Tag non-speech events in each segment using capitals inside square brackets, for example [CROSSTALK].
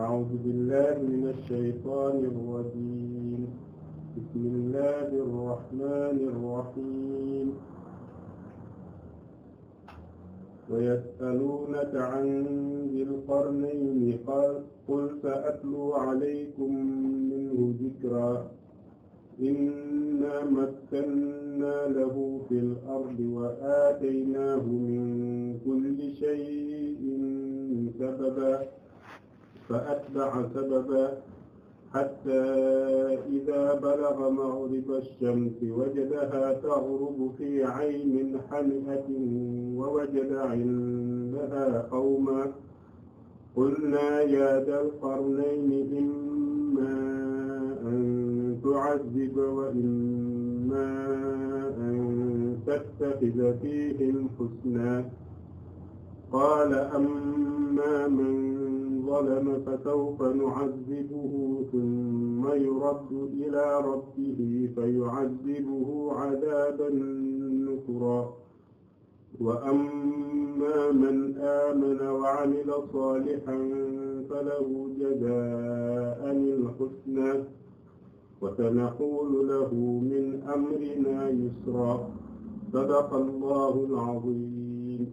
أعوذ بالله من الشيطان الرجيم بسم الله الرحمن الرحيم ويسألونك عن ذي القرنين قل سأتلو عليكم منه ذكرا إنا مكنا له في الأرض وآتيناه من كل شيء سببا فأتبع سببا حتى إذا بلغ مغرب الشمس وجدها تغرب في عين حمئة ووجد عندها قوما قلنا يا ذا القرنين إما أن تعذب وإما أن تتخذ فيهم حسنا qaala ammaa man zalama fa sawfa nu'azzibuhu thumma yuraddu ilaa rabbihi fa yu'azzibuhu 'adaaban nukiraa wa ammaa man aamana wa 'amila saalihan falahu jazaa'ul husnaa wa sanaquulu lahu min amrinaa yusraa sadaqallaahu al-'aziim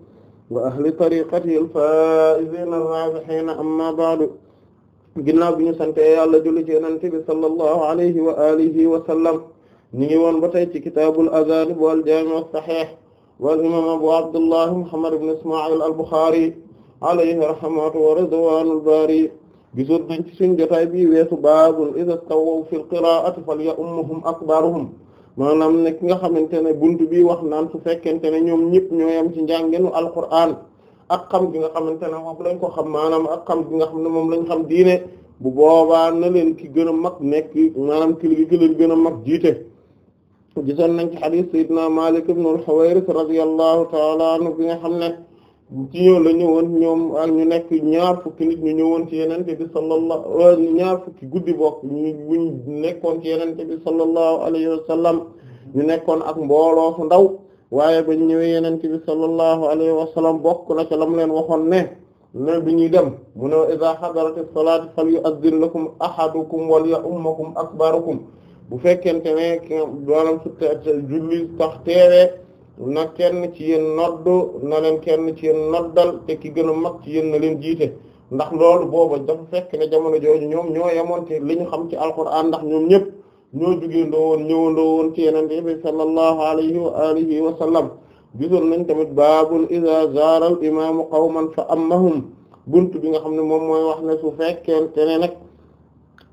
wa ahli tariqati al-faa'iziina ar-raabihiina amma ba'du ginnaaw bi ñu sante yàlla julli ci yonent bi sallallahu alayhi wa alihi wa sallam ñu ngi woon ba tey ci kitaabul azaanib wal jaami' as-sahiih wal imaam abu abdullahi muhammad ibn isma'il al-buxaari alayhi rahmatu wa ridwaanul baari gisoon nañ ci suñu jotaay bi weesu baabul izaa stawwaw fil qiraa'ati falya'ummuhum akbaaruhum maanaam ne ki nga xamante ne bunt bi wax naan su fekkente ne ñoom ñëpp ñoo yam ci njàngenu alquran ak xam gi nga xamante ne moom lañ ko xam maanaam ak xam gi nga xam ne moom lañ xam diine bu boobaa na leen ki gën a mag nekk maanaam ki ki leen gën a mag jiite gisoon nañ ci hadith sayyidina Malik ibn al-Huwayrith radiyallahu ta'ala bi nga xam ne ci yow la ñëwoon ñoom ak ñu nekk ñaar fukki nit ñu ñëwoon ci yenente bi sallallahu euh, ñaar fukki guddi bokk ñu nekkoon ci yenente bi sallallahu alayhi wa ñu nekkoon ak mbooloo fu ndaw waaye bañ ñëwee yenente bi sallallahu alayhi wa sallam bokk na ca lam leen waxoon ne ne bi ñuy dem mu ne iza hadarati salaatu fal yu'azzin lakum ahadukum wal ya'ummakum akbarukum bu fekkente ne maanaam su julli sax teewee na kenn ci yéen noddu na leen kenn ci yéen noddal te ki gën a mag ci yéen na leen jiite ndax loolu booba dafa fekk ne jamono jooju ñoom ñoo yemoon ci li xam ci alquran ndax ñoom ñëpp ñoo jugéendoo woon ñëwandoo woon ci yeneen bi sallallahu alayhi wa alihi wa sallam gisoon nañ tamit baabul iza zaara al imaamu qawman fa ammahum bunt bi nga xam ne moom mooy wax ne su fekkente ne nag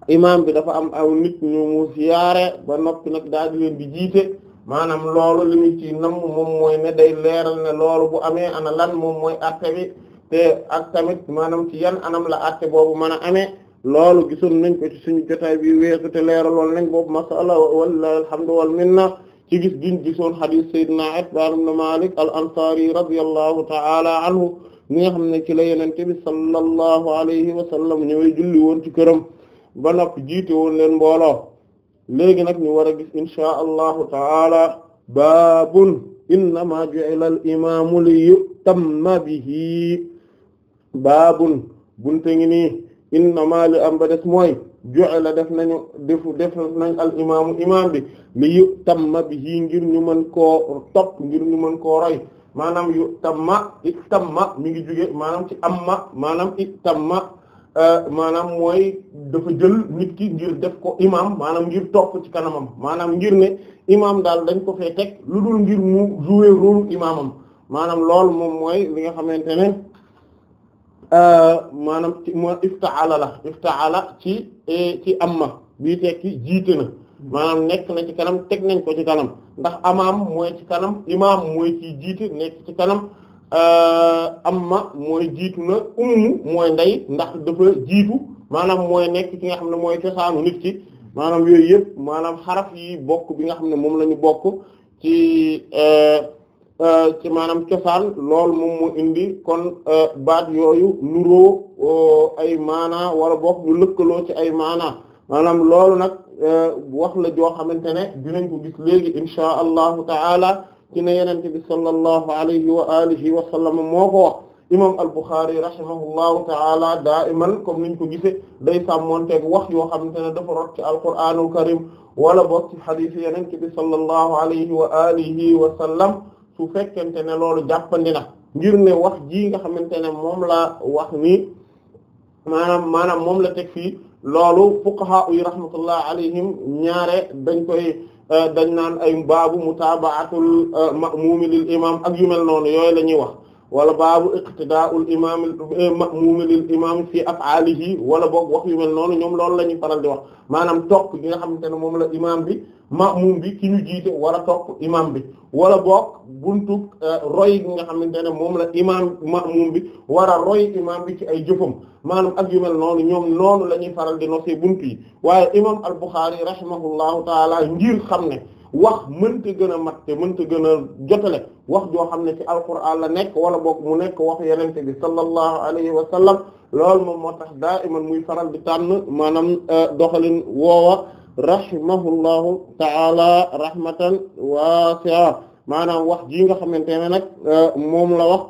imaam bi dafa am aw nit ñu mu siyaare ba noppi nag daal di leen jiite maanaam loolu li ñu ci namm moom mooy ne day leeral ne loolu bu amee ana lan moom mooy atte bi te ak tamit maanaam ci yan anam la atte boobu mën a amee loolu gisoon nañ ko suñu jotaay bi weesu te leeraloon nañ boobu masala wallahi alhamdu wal minna ci gis giñ gisoon hadith sayyidina Itbaan ibn Maalik al-Ansaari radiyallahu ta'ala anhu mi nga xam ne ci la yenente bi sallallahu alayhi wa sallam ñëwee julli woon ci këram ba noppi jiite woon leen mbooloo léegi nag ñu war a gis inshaa allahu taala baabun innama ju'ila al imaamu li yutamma bihi baabun bunte ngi nii innama li am ba des mooy ju'ila def nañu defu def nañ al imaamu imaam bi li yutamma bihi ngir ñu mën koo topp ngir ñu mën koo roy maanaam yutamma itamma mi ngi jóge maanaam ci amma maanaam itamma Euh, maanaam mooy dafa jël nit ki ngir def ko imam maanaam ngir topp ci kanamam maanaam ngir ne imam daal dañ ko fee teg lu dul ngir mu jouer ru imamam maanaam lool moom mooy li nga xamante ne euh, maanaam ci moo iftaala la iftaala ci e, ci amma bi tekki jiite na maanaam nekk na ci kanam teg nañ ko ci kanam ndax amaam mooy ci kanam imam mooy ci jiite nekk ci kanam Euh, amma mooy jiitu na ummu mooy ndey ndax dafa jiitu maanaam mooy nekk ki nga xam ne mooy cosaanu nit ki maanaam yooyu yëpp maanaam xaraf yi bokk bi nga xam ne moom lañu bokk ci euh, euh, ci maanaam cosaan lool moom mu indi kon baat yooyu nuroo ay maana wala bokk ñu lëkkaloo ci ay maana maanaam loolu nag wax la joo xamante ne dinañ ko gis léegi insha allahu ta'ala ci ne yenente bi sallallahu alayhi wa alihi wa sallam moo ko wax imam al-Bukhari rahimahullahu ta'ala daiman comme niñ ko gisee day sàmmonteeg wax yoo xamante ne dafa rot ci alqur'aanul karim wala bokk ci xadiis yenente bi sallallahu alayhi wa alihi wa sallam su fekkente ne loolu jàppandi na ngir ne wax ji nga xamante ne moom la wax ni maanaam maanaam moom la teg fii loolu fuqaha yi rahmatullah alayhim ñaare dañ koy Euh, dañ naan ay baabu mutaaba'atul euh, ma'muumi lil imaam ak yu mel noonu yooyu la ñuy wax wala baabu iqtidaa'ul imaam euh, ma'muumi lil imaam fi af'aalihi wala boog wax yu mel noonu ñoom loolu la ñuy faral di wax maanaam topp gi nga xamante ne moom la imaam bi. maamum bi ki ñu jiite wala topp imam bi wala boog buntu euh, roy bi nga xamante ne moom la imam maamum bi war a roy imam bi ci ay jëfam maanaam ak yu mel noonu ñoom noonu la ñuy faral di nosee buntu yi waaye imam al-Bukhari rahimahullahu taala ngir xam ne wax mënta gën a mat te mënta gën a jotale wax joo xam ne ci alquran la nekk wala boog mu nekk wax yenente bi sallallahu alayhi wa sallam loolu moom moo tax daa iman muy faral di tànn maanaam euh, doxalin woowa rahimahullahu ta'ala rahmatan wasi'a maanaam wax ji nga xamante ne nag euh, moom la wax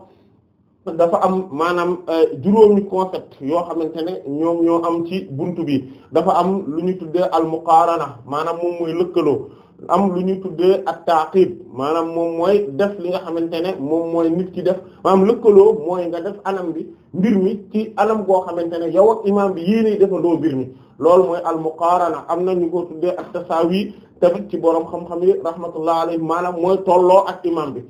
dafa am maanaam euh, juróomi concept yoo xamante ne ñoom ñoo am ci buntu bi dafa am lu ñu tuddee al muqarana maanaam moom mooy lëkkaloo am lu ñu tuddee ak taqib maanaam moom mooy def li nga xamante ne moom mooy nit ki def maanaam lëkkaloo mooy nga def anam bi mbir mi ci anam goo xamante ne yow ak imaam bi yéenay defandoo mbir mi loolu mooy al am na ñu ko tuddee ak tasaawi tamit ci borom xam-xam yi rahmatullah alayhi maanaam mooy tolloo ak imaam bi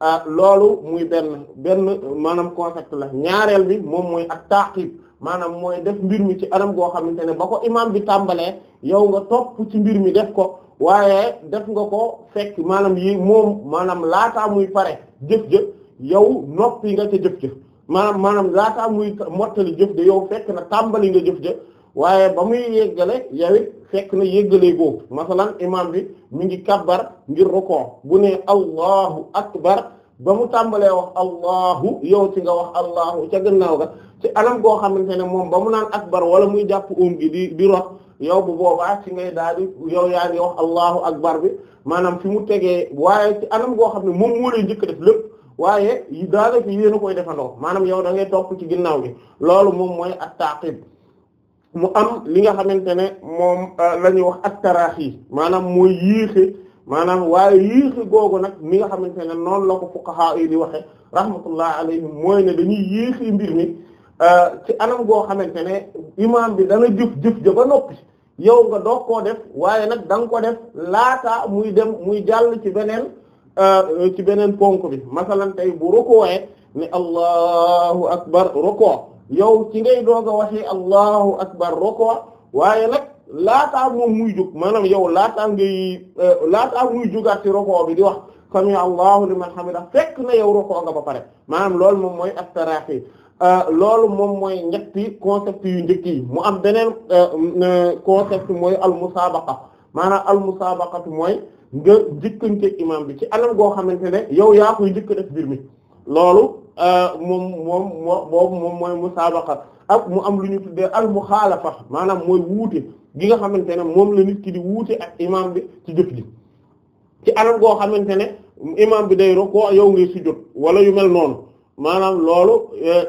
ah loolu muy benn benn maanaam concept la ñaareel bi moom mooy ak taqib maanaam mooy def mbir mi ci anam goo xamante ne ba ko imaam bi tàmbalee yow nga topp ci mbir mi def ko waaye def nga ko fekk maanaam yi moom maanaam laataa muy pare jëf-jëf yow noppi nga ca jëf-jëf. maanaam maanaam laataa muy mottali jëf de yow fekk na tàmbali nga jëf ja waaye ba muy yéggale yow it fekk na yéggalee goo masalan imam bi mu ngi kabbar ngir rukoo bu ne allahu akbar ba mu tàmbalee wax allahu yow ci nga wax allahu ca gannaaw ga ci anam goo xamante ne moom ba mu naan akbar wala muy jàpp um gi di di rot yow bu boobaa ci ngay daal di yow yaa ngi wax allahu akbar bi maanaam fi mu tegee waaye ci anam goo xam ne moom moo lay njëkk def lépp waaye daanaka yéen a koy defandoo maanaam yow da ngay topp ci ginnaaw gi loolu moom mooy at-taqib mu am li nga xamante ne moom euh, la ñuy wax at-tarahi maanaam mooy yéexe maanaam waaye yéexe googu nag mi nga xamante ne noonu la ko fuqaha yi di waxe rahmatullah alayhim mooy ne ñuy yéexe mbir mi euh, ci anam goo xamante ne imaam bi dana jëf jëf ja ba noppi yow nga doog koo def waaye nag da nga ko def laata muy dem muy jàll ci beneen Euh, ci beneen ponk bi masalan tey bu rukooee ne allahu akbar rukoo yow ci ngay doog a waxee allahu akbar rukoo waaye nag laataa moom muy jóg maanaam yow laataa ngay euh, laataa muy jógaat ci rukoo bi di wax sami allahu liman hamidah fekk na yow rukoo ba pare maanaam lool moom mooy astarahi euh, loolu moom mooy ñetti concept yu njëkk yi mu am beneen concept mooy al musaabaqa maanaam al musaabaqatu mooy nga njëkkanteeg imaam bi ci anam goo xamante ne yow yaa koy njëkk def mbir mi loolu euh, moom moom moo moom musaabaqa ak mu am lu ñu tuddee al muxaalafa maanaam mooy wuute gi nga xamante ne moom la nit ki di wuute ak imaam bi ci jëf ji ci anam goo xamante ne imaam bi day roko yow ngay sujjóot wala yu mel noonu maanaam loolu euh,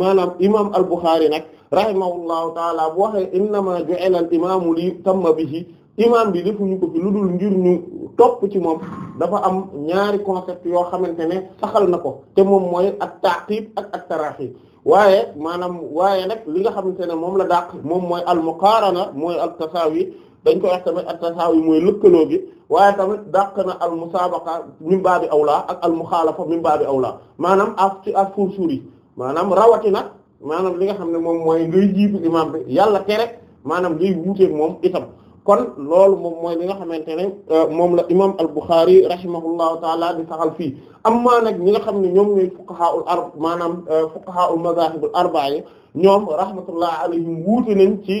maanaam imaam al Buxaari nag rahimahullahu taala bu waxee innama ju'ila al imaamu li yutamma bihi imaam bi defuñu ko fi lu dul ngir ñu topp ci moom dafa am ñaari concept yoo xamante ne saxal na ko te moom mooy ak taqib ak ak taraxib waaye maanaam waaye nag li nga xamante ne moom la dàq moom mooy al muqarana mooy al tasaawi dañ koy wax tamit al tasaawi mooy lëkkaloo gi waaye tamit dàq na al musaabaqa min baabi awlaa ak al muxaalafa min baabi awlaa maanaam af ci af fursuri maanaam rawatina maanaam li nga xam ne moom mooy ngay jiitu imaam bi yàlla tere maanaam ngay wuuteeg moom itam. kon loolu moom mooy li nga xamante ne euh, moom la imam al-Bukhari rahimahullahu taala di saxal fii amma nag ñi nga xam ne ñoom ñooy fuqahaul arba maanaam euh, fuqahaul mazahibul arba'a yi ñoom rahmatullah alayhim wuute nañ ci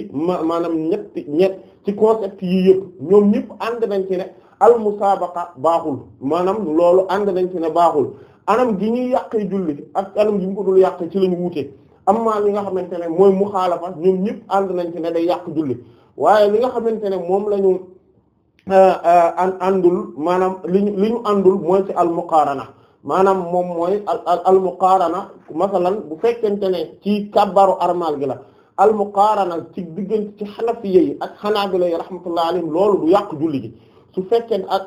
maanaam ñetti ñett ci concept yi yëpp ñoom ñëpp ànd nañ ci ne al-musaabaqa baaxul maanaam loolu ànd nañ ci ne baaxul anam gi ñuy yàqee julli ak anam gi ñu ko dul ci la ñu wuute amma li nga xamante ne mooy muxaalafa ñoom ñëpp ànd nañ ci ne day yàq julli waaye li nga xamante ne moom la ñu euh, euh, àndul maanaam li li ñu àndul mooy ci al muqaarana maanaam moom mooy al al muqaarana masalan bu fekkente ne ci kabbaru armal gi la al muqaarana ci diggante ci xanafiya yi ak xanaabila yi rahmatullahi alayhim loolu du yàq julli gi su fekkee ak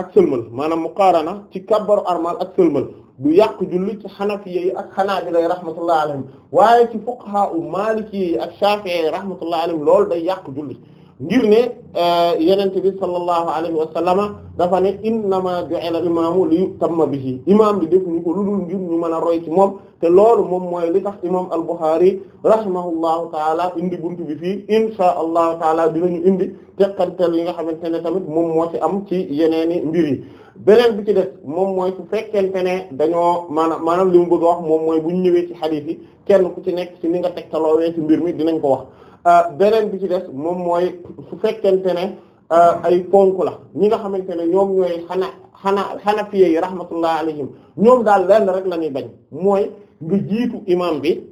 ak sëlmal maanaam muqaarana ci kabbaru armal ak sëlmal du yàq julli ci xanafiya yi ak xanaabila yi rahmatullah alayhim waaye ci fuqaha u maliki yi ak shafi'i yi rahmatullah alayhim loolu day yàq julli ngir ne euh, yenente bi sallallahu alayhi wa sallama dafa ne innama ju'ila imaamu li yutamma bihi imaam bi def ñu ko ludul ngir ñu mën a roy ci moom te loolu moom mooy li tax imaam al-Bukhari rahimahullahu taala indi buntu bi fii insha allahu taala dinañu indi teqantel yi nga xamante ne tamit moom moo ci am ci yeneeni mbir yi beneen bi ci des moom mooy su fekkente ne dañoo maanaam maanaam li mu bëgg wax moom mooy bu ñu ñëwee ci xadiis yi kenn ku ci nekk ci li nga tegtaloowee ci mbir mi dinañ ko wax euh, beneen bi ci des moom mooy su fekkente ne euh, ay ponk la ñi nga xamante ne ñoom ñooy xana xana xanafiye yi rahmatullah alayhim ñoom daal lenn rek la ñuy bañ mooy nga jiitu imam bi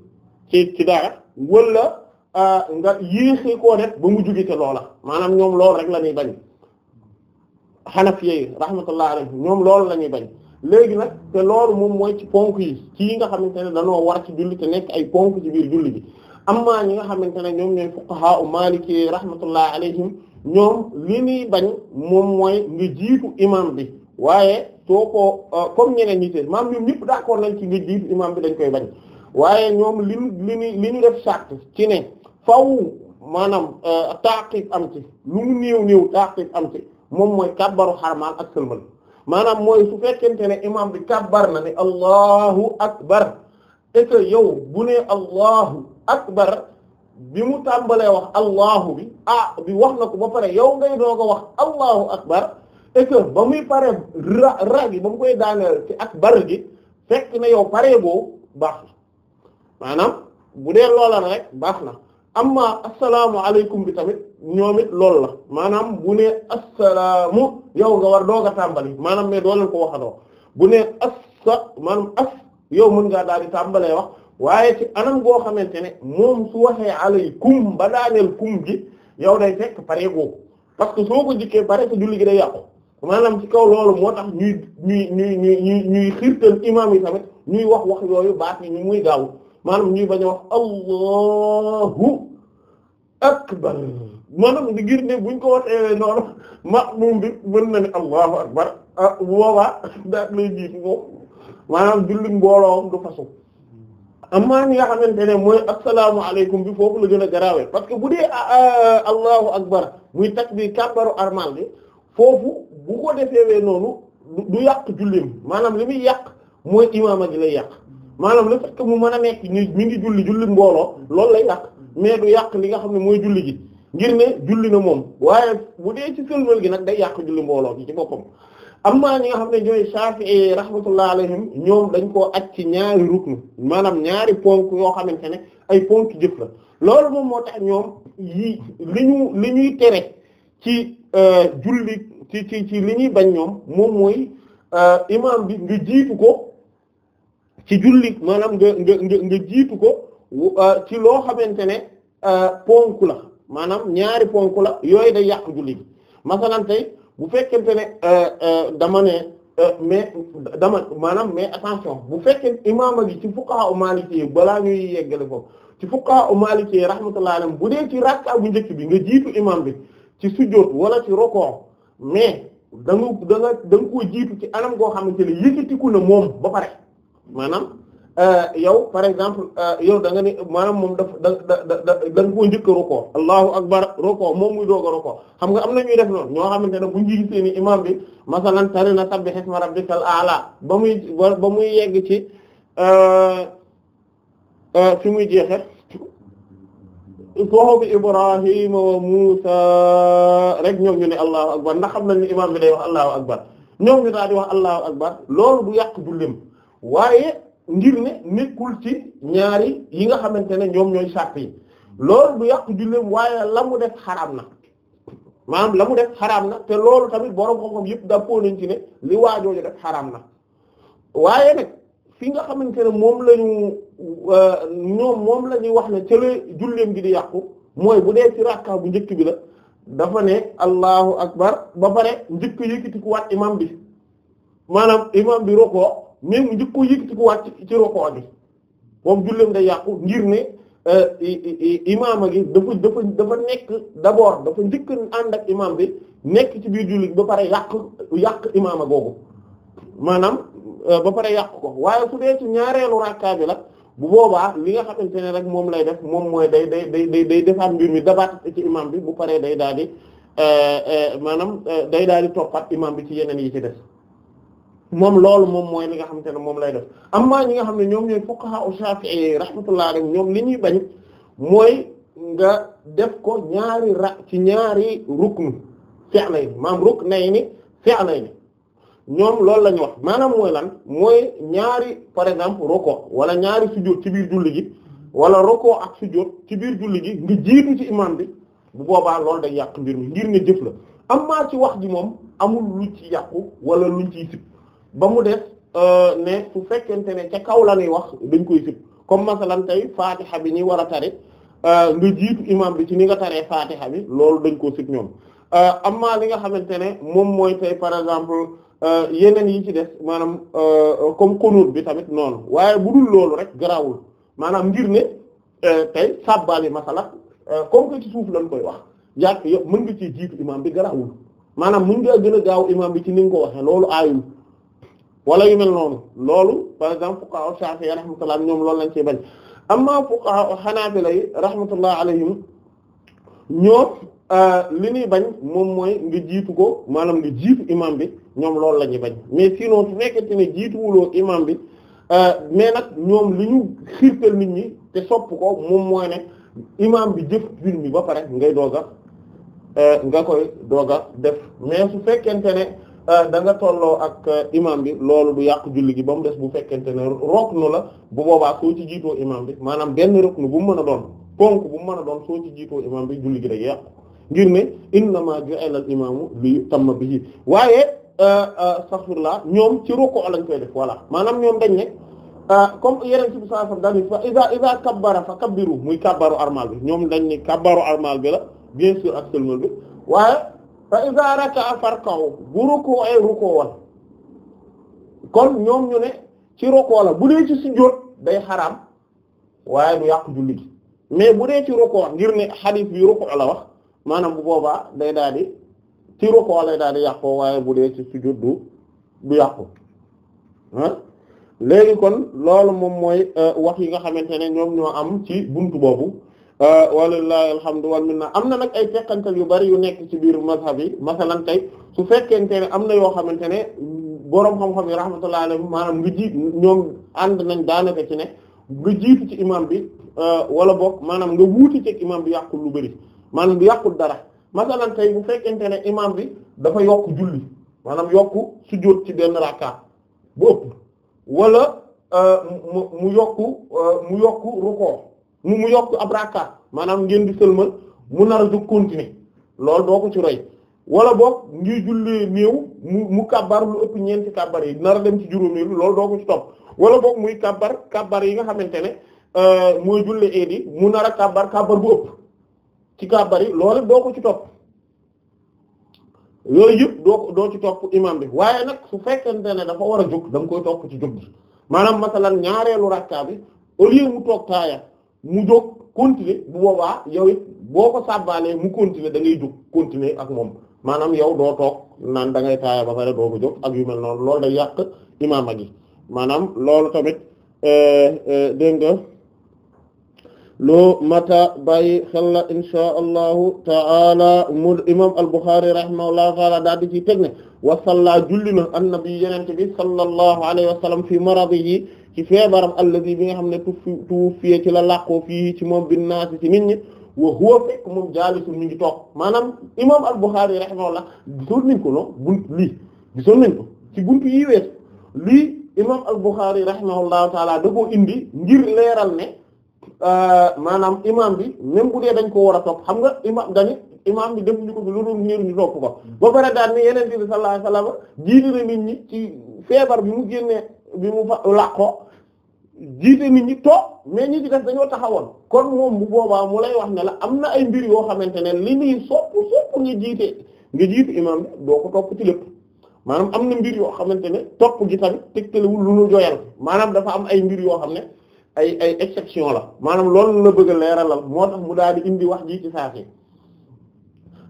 ci ci dara wala euh, nga yéexee koo def ba mu jugi te loola maanaam ñoom lool rek la bañ xanafiya yi rahmatullah alayhim ñoom loolu la ñuy bañ léegi nag te loolu moom mooy ci ponk yi ci yi nga xamante ne dañoo war ci julli te nekk ay ponk ci biir julli bi amma ñi nga xamante ne ñoom ñooy fuqaha u maliki rahmatullah alayhim ñoom li ñuy bañ moom mooy nga jiitu imam bi waaye soo ko euh, comme ñeneen ñi te maam ñoom ñëpp d'accord nañ ci nga jiitu imam bi dañ koy bañ waaye ñoom li li ñu li ñu def sàrt ci ne faw maanaam euh, taqib am ci lu mu néew néew taqib moom mooy kabbaru xarmaal ak sëlmal maanaam mooy su fekkente ne imam bi kabbar na ne allahu akbar et que yow bu ne allahu akbar bi mu tàmbalee wax allahu bi ah bi wax na ko ba pare yow ngay doog a wax allahu akbar et que ba muy pare ra ra gi ba mu koy daaneel ci akbar gi fekk na yow pare boo baax na maanaam bu dee loola na rek baax na amma assalaamu alaykum bi tamit ñoom it loolu la maanaam bu ne assalaamu yow nga war doog a tàmbali maanaam mais doo leen ko waxandoo bu ne assa maanaam as yow mën ngaa daal di tàmbalee wax waaye ci anam goo xamante ne moom su waxee alaykum ba daaneel kum gi yow day fekk pare googu parce que soo ko jikkee pare ko julli gi day yàqu maanaam ci kaw loolu moo tax ñuy ñuy ñuy ñuy ñuy xirtal imaam yi tamit ñuy wax wax yooyu baat yi ñu muy gaaw mu ñuy bañ wax allahu akbar maanaam di ngir ne buñ ko waxee noonu ma'mum bi mën na ne allahu akbar ah boobaa daat lay jiitu moom maanaam jullit mbooloom du fasu amaa ñi nga xamante ne mooy assalaamu alaykum bi foofu la gën a garaawee parce que bu dee ah, ah, allahu akbar muy takk bi kàbbaru armal bi foofu bu ko defeewee noonu du yàq jullim maanaam li muy yàq mooy imaama gi lay yàq maanaam le fait que mu mën a nekk mi ngi julli julli mbooloo loolu lay yàq mais du yàq li nga xam ne mooy julli gi ngir ne julli na moom waaye bu dee ci sëlmal gi nag day yàq julli mbooloo gi ci boppam amma ñi nga xam ne ñooy Shafi'i rahmatullah alayhim ñoom dañ koo aj ci ñaari rukn maanaam ñaari ponk yoo xamante ne ay ponk jëf la loolu moom moo tax ñoom yi li ñu li ñuy tere ci euh, julli ci ci ci li ñuy bañ ñoom moom mooy euh, imaam bi nga jiitu ko ci julli maanaam nga nga nga nga jiitu ko euh, ci loo xamante ne euh, ponk la maanaam ñaari ponk la yooyu day yàq julli gi masalan bu fekkente ne euh, dama ne mais dama maanaam mais attention bu fekkee imaama gi ci fuqaha maliki balaa ñuy yeggale foofu ci fuqaha maliki rahmatullahi alayhi bu dee ci rakka bu njëkk bi nga jiitu imam bi ci sujjóot wala ci rokoo mais danga nga da nga ko jiitu ci anam goo xamante ne yëkkatiku na moom ba pare maanaam euh, yow par exemple euh, yow da nga ni maanaam moom daf da da da da da nga koo njëkk a rukoo allahu akbar rukoo moom muy doog a rukoo xam nga am na ñuy def noonu ñoo xamante ne bu ñu gisee ni imam bi masalan tari na sabbi hisma rabbikal a'la ba muy ba muy yegg ci euh, fi muy jeexe suhuf Ibrahima wa Muusa rek ñoom ñu ne allahu akbar ndax xam nañ ni imam bi day wax allahu akbar ñoom ñu daal di wax allahu akbar loolu du yàq julleem waaye ngir ne nekkul ci ñaari yi nga xamante ne ñoom ñooy sàrt yi loolu du yàqu julleem waaye la mu def xaraam na maanaam la mu def xaraam na te loolu tamit borom xam-xam yëpp dàppoo nañ ci ne li waajooju def xaraam na waaye nag fi nga xamante ne moom lañu euh, moom la ñuy wax ne ca la gi di yàqu mooy bu dee ci rakka bu njëkk bi la dafa ne allahu akbar ba pare njëkk yëkkati ku waat imam bi maanaam imam bi roko même njëkk ko yëkkati ko wàcc ci rokoo bi moom julleem day yàqu ngir ne euh, imaama gi dafa dafa dafa nekk d'abord dafa njëkk ànd ak imaam bi nekk ci biir jullit ba pare yàq yàq imaama googu maanaam euh, ba pare yàq ko waaye su dee ci ñaareelu rakkaa bi la bu boobaa li nga xamante ne rek moom lay def moom mooy day day day day day defaat mbir mi dabaat ci imaam bi bu paree day daal di euh, maanaam day daal di toppaat imaam bi ci yeneen yi ci des moom loolu moom mooy li nga xamante ne moom lay def amma ñi nga xam ne ñoom ñooy fuqaha Shafi'i rahmatullah alayhim ñoom li ñuy bañ mooy nga def ko ñaari ra ci ñaari ruknu fi'layni maam ruknayni fi'layni ñoom loolu la wax maanaam mooy lan mooy ñaari par exemple roko wala ñaari sujjóot ci biir julli gi wala roko ak sujjóot ci biir julli gi nga jiitu ci imam bi bu boobaa loolu day yàqu mbir mi ngir ne jëf la amma ci wax ji moom amul lu ci yàqu wala luñ ciy ba mu def euh, ne su fekkente ne ca kaw la wax dañ koy sib comme masalan tey fatiha bi ñuy war a tari euh, nga jiitu imam bi ci ni nga taree fatiha bi loolu dañ koo sib ñoom euh, am amma li nga xamante ne moom mooy tey par exemple yeneen yi ci des maanaam comme qunut bi tamit noonu waaye bu loolu rek garawul maanaam ngir ne tey sabbali masala comme que ci suuf lañ koy wax yàq yëpp mën nga ci jiitu imam bi garawul maanaam mën nga gën a gaaw imam bi ci ni nga ko waxee loolu aayul wala yu mel noonu loolu par exemple fuqaha Shafi'i rahmatullah ñoom lool lañ ciy bañ amma fuqaha Hanabila yi rahmatullah alayhim ñoom euh, li nuy bañ moom mooy nga jiitu ko maanaam nga jiitu imam bi ñoom loolu la ñuy bañ mais sinon su fekkente ne jiituwuloo imam bi euh, mais nag ñoom li ñu xiirtal nit ñi te sopp ko moom mooy ne imam bi jëf bir mi ba pare ngay doog a euh, nga koy doog a def mais su fekkente ne Euh, da nga tolloo ak euh, imam bi loolu bu yàq julli gi ba mu des bu fekkente ne ruknu la bu boobaa soo ci jiitoo imam bi maanaam benn ruknu bu mu mën a doon ponk bu mu mën a doon soo ci jiitoo imam bi julli gi day yàq ngir ne innama ju'ila al imaamu li yutamma bihi waaye euh, astaghfirullah ñoom ci ruku lañ koy def voilà maanaam ñoom dañ ne comme yeneen ci bi sallallahu alayhi wasallam dañu fa iza iza kabbara fa kabbiru muy kabbaru bi ñoom dañ ne kabbaru armal bi la bien sûr ak sëlmal bi waaye fa iza raka'a farka'u bu rukkoo ay rukkoo wal kon ñoom ñu ne ci rukkoo la bu dee ci sujjóot day xaraam waaye du yàq julli gi mais bu dee ci rukkoo ngir ne xadiis bi rukkoo la wax maanaam bu boobaa day daal di ci rukkoo lay daal di yàqoo waaye bu dee ci sujjóot du du yàqu léegi kon loolu moom mooy euh, wax yi nga xamante ne ñoom ñoo am ci buntu boobu Ah, walillahi alhamdu wal minna am na nag ay tekkantal yu bari yu nekk ci biir mazhab yi masalan tey su fekkente ne am na yoo xamante ne boroom xam-xam yi rahmatullahi alayhim maanaam nga jiit ñoom ànd nañ daanaka ci ne nga jiitu ci imam bi ah, wala boog maanaam nga wuuti ci imam bi yàqul lu bari maanaam du yàqul dara masalan tey bu fekkente ne imam bi dafa yokk julli maanaam yokk sujjóot ci benn rakka bu ëpp wala ah, mu yokku mu yokku rukkoo mu mu yokk ab rakkaat maanaam ngeen di sëlmal mu nar a jóg continuer loolu doo ko ci roy wala boog ngir jullee néew mu mu kàbbar lu ëpp ñeenti kàbbar yi nar a dem ci juróomi loolu doo ko ci topp wala boog muy kàbbar kàbbar yi nga xamante ne euh, mooy julle eed mu nar a kàbbar kàbbar bu ëpp ci kàbbar yi loolu doo ko ci topp yooyu yëpp doo doo ci topp imam bi waaye nag su fekkente ne dafa war a jóg da nga koy topp ci jóg bi maanaam masalan ñaareelu rakka bi au mu toog mu jóg continuer bu boobaa yow it boo ko sàbbaalee mu continuer da ngay jóg ak moom maanaam yow doo toog naan da ngay ba pare doo ko jóg ak yu mel noonu loolu day yàq imaama gi maanaam loolu tamit eh, eh, dégg nga loo mata bàyyi xel la insha allahu taala mu imam al-Bukhari rahimahullahu taala daal di ciy teg ne wasalla julli na annabi yenente bi sallallahu alayhi wa sallam fi maradihi ci feebaram allazi bi nga xam ne tuwuffiya ci la làqoo fii ci moom bin naasi ci nit ñi wa huwa fekk moom jaalisul ñu ngi toog maanaam imaam al-Bukhari rahimahullah gisoon ci buntu yii wees lii imaam al-Bukhari rahimahullahu taala da koo indi ngir leeral ne euh, maanaam imaam bi même bu dañ ko war a toog xam nga imaam dañu imaam bi def ñu ko bi loolu ngir ñu topp ko ba pare daal ni yeneen bi sallallahu alayhi wasallam jiitu nit ñi ci feebar bi mu génnee bi mu fa jiite nit ñi toog mais ñi ci des dañoo taxawoon kon moom bu boobaa mu lay wax ne la am na ay mbir yoo xamante ne li muy sopp sopp nga jiite nga jiite imaam bi doo ko topp ci lépp maanaam am na mbir yoo xamante ne topp gi tamit tegtalewul lu ñu joyal maanaam dafa am ay mbir yoo xam ne ay ay exception la maanaam loolu la bëgg a leeralal moo tax mu daal di indi wax ji ci saafee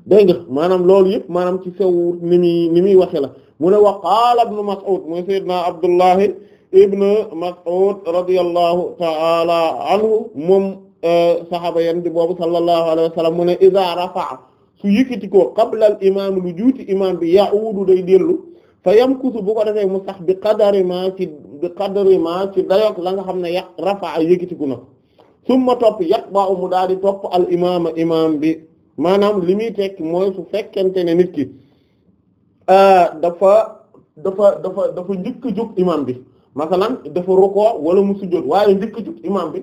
dégg nga maanaam loolu yëpp maanaam ci sew ni muy ni muy waxe la mu ne wa qaala ibnu Mas'ud mooy sayyidna Abdullahi ibn Mas'ud radiyallahu ta'ala anhu moom eh, saxaaba yan di boobu sallallahu alayhi wa sallam mu rafa'a su yëkkati ko qabla imaam lu juuti imaam bi ya'uudu day dellu fa yamkusu bu ko defee mu sax bi qadari ma ci bi qadari la nga xam ne ya rafa'a yëkkati ko na summa topp yatba'u mu daal di topp al imaama imaam bi maanaam li muy tekki mooy su fekkente ne nit ki eh, dafa dafa dafa dafa njëkk a jóg imaam bi. masalan dafa rukoo wala mu sujjóot waaye njëkk jug imaam bi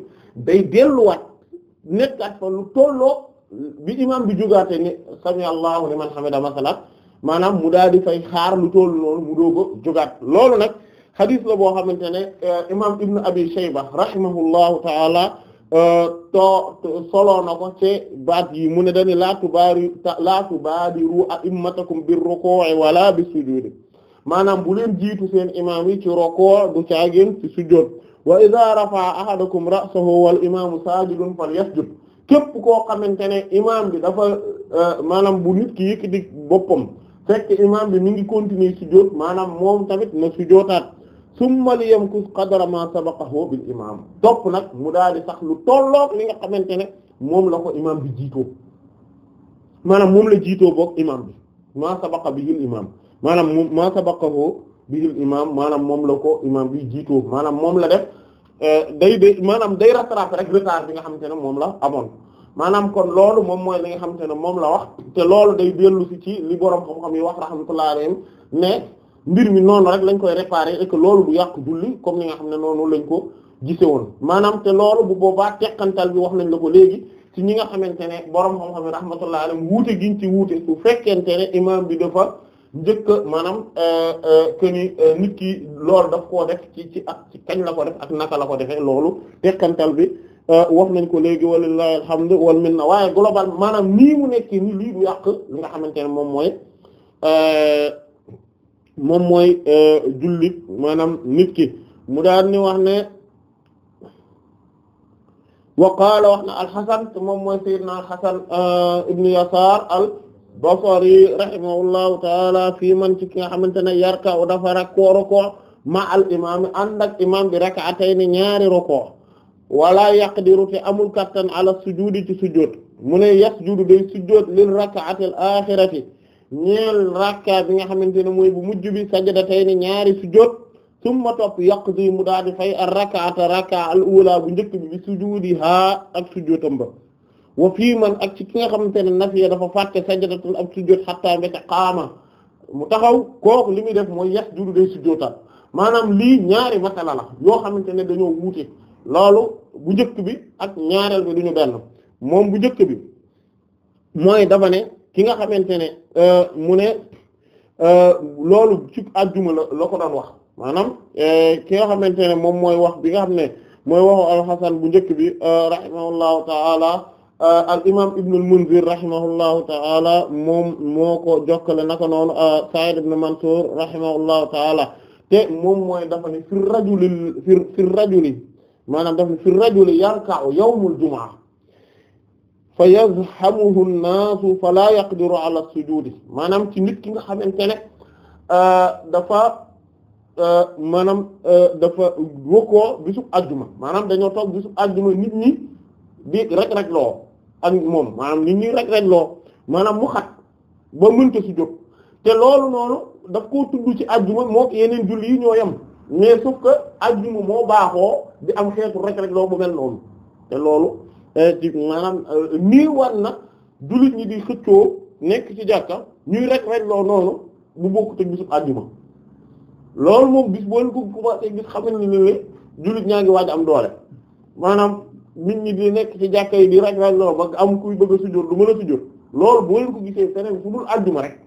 day delluwaat nekkaat fa lu bi imaam bi jógaate ne sami allahu liman hamida masalan maanaam mu daal di fay xaar lu tollu loolu mu dooga jógaat loolu nag xadis la boo xamante ne eh, imaam ibnu abi shayba rahimahullahu taala eh, to soloo na ko baat yi mu ne dani laa tubaari laa tubaadiru a'immatakum bir ruku'i wala bis maanaam bu leen jiitu seen imaam yi ci roko du caagin ci sujjóot wa idha rafa'a ahadakum ra'sahu wal imaamu saajidun falyasjud képp koo xamante ne imaam bi dafa euh, maanaam bu nit ki yëkkati boppam fekk imaam bi mi ngi continuer sujjóot maanaam moom tamit na sujjóotaat summa liyamkus qadra ma sabaqahu bil imaam topp nag mu daal di sax lu tolloog li nga xamante ne moom la ko imaam bi jiitoo maanaam moom la jiitoo boog imaam bi ma sabaqa bihil imaam maanaam moom maa sabaqahu bihil imaam maanaam moom la ko imaam bi jiitoo maanaam moom la def euh, day day maanaam day rattraper rek retard bi nga xamante ne moom la amoon maanaam kon loolu moom mooy li nga xamante ne moom la wax te loolu day dellu si ci li borom xam-xam yi wax rahmatullahi alayhim ne mbir mi noonu rek lañ koy réparer et loolu du yàq julli comme ni nga xam ne noonu lañ ko gise woon maanaam te loolu bu boobaa teqantal bi wax nañ la ko léegi ci ñi nga xamante ne borom xam-xam yi rahmatullahi alayhim wuute giñ ci wuute su fekkente ne imaam bi dafa. njëkk maanaam euh, euh, que ni euh, nit ki loolu daf koo def ci ci ak ci kañ la ko def ak naka la ko defee loolu tekkantal bi wax nañ ko léegi walillahi alhamdu wal minna waaye global maanaam nii mu nekkee ni lii du yàq li nga xamante ne moom mooy moom mooy julli maanaam nit ki mu daal ni wax ne wa qaala wax na alxasan te moom mooy sayyidna alxasan ibn yasaar Basri rahimahullahu taala fii man ci ki nga xamante ne yarka u dafa rakkoo roko ma al imaami ànd ak imam bi rak'atayn ñaari roko wala yaqdiru te amul kattan ala sujudi ci sujud mu ne yasjudu day sujud lil rak'ati al axirati ñeel rakka bi nga xamante ne mooy bu mujj bi sajdatayni ñaari sujud summa topp yaqdi mu daal di fay ar rak'ata rakka al ula bu njëkk bi bi sujudiha ak sujudam ba wa fii man ak ci ki nga xamante ne nafiya dafa fàtte sajdatun ab sujjóot xattaa mbéte kaama mu taxaw kooku li muy def mooy yas judu day sujjóotaat maanaam lii ñaari masala la yoo xamante ne dañoo wuute loolu bu njëkk bi ak ñaareel bi duñu benn moom bu njëkk bi mooy dafa ne ki nga xamante ne euh, mu ne euh, loolu ci àjjuma la la ko doon wax maanaam euh, ki nga xamante ne moom mooy wax bi nga xam ne mooy waxu alxasan bu njëkk bi rahimahullahu taala Euh, al imaam Ibn al-Munzir rahimahullahu ta'ala moom moo ko jokkale naka noonu euh, Sa'id ibn Mansur rahimahullahu ta'ala te moom mooy dafa ne fi rajuli fi fi rajuli maanaam dafa ne fi rajuli yarka'u yawmul jumu'a fa yazhamuhu an-naasu fala yaqdiru ala as-sujud maanaam ci nit ki nga xamante ne euh, dafa maanaam dafa wokkoo bisu àjjuma maanaam dañoo toog bisu àjjuma nit ñi. di rek rek loo ak moom maanaam nit ñuy rek rek loo maanaam mu xat ba muñ mënta su jóg te loolu noonu daf koo tudd ci ajjuma moo yeneen julli yi ñoo yam mais sauf que ajjuma moo baaxoo di am xeetu rek rek loo bu mel noonu te loolu eh, ci maanaam eh, nii war ñi di xëccoo ci jàkka ñuy rek rek loo noonu bu bokk te loolu moom bis xam ne ni ne ñaa ngi waaj am doole maanaam nit ñi di nekk ci jàkka yi di raj raj loo am kuy bëgg a sujjóot du mën a sujjóot loolu boo leen ko gisee feneen fu dul àjjuma rek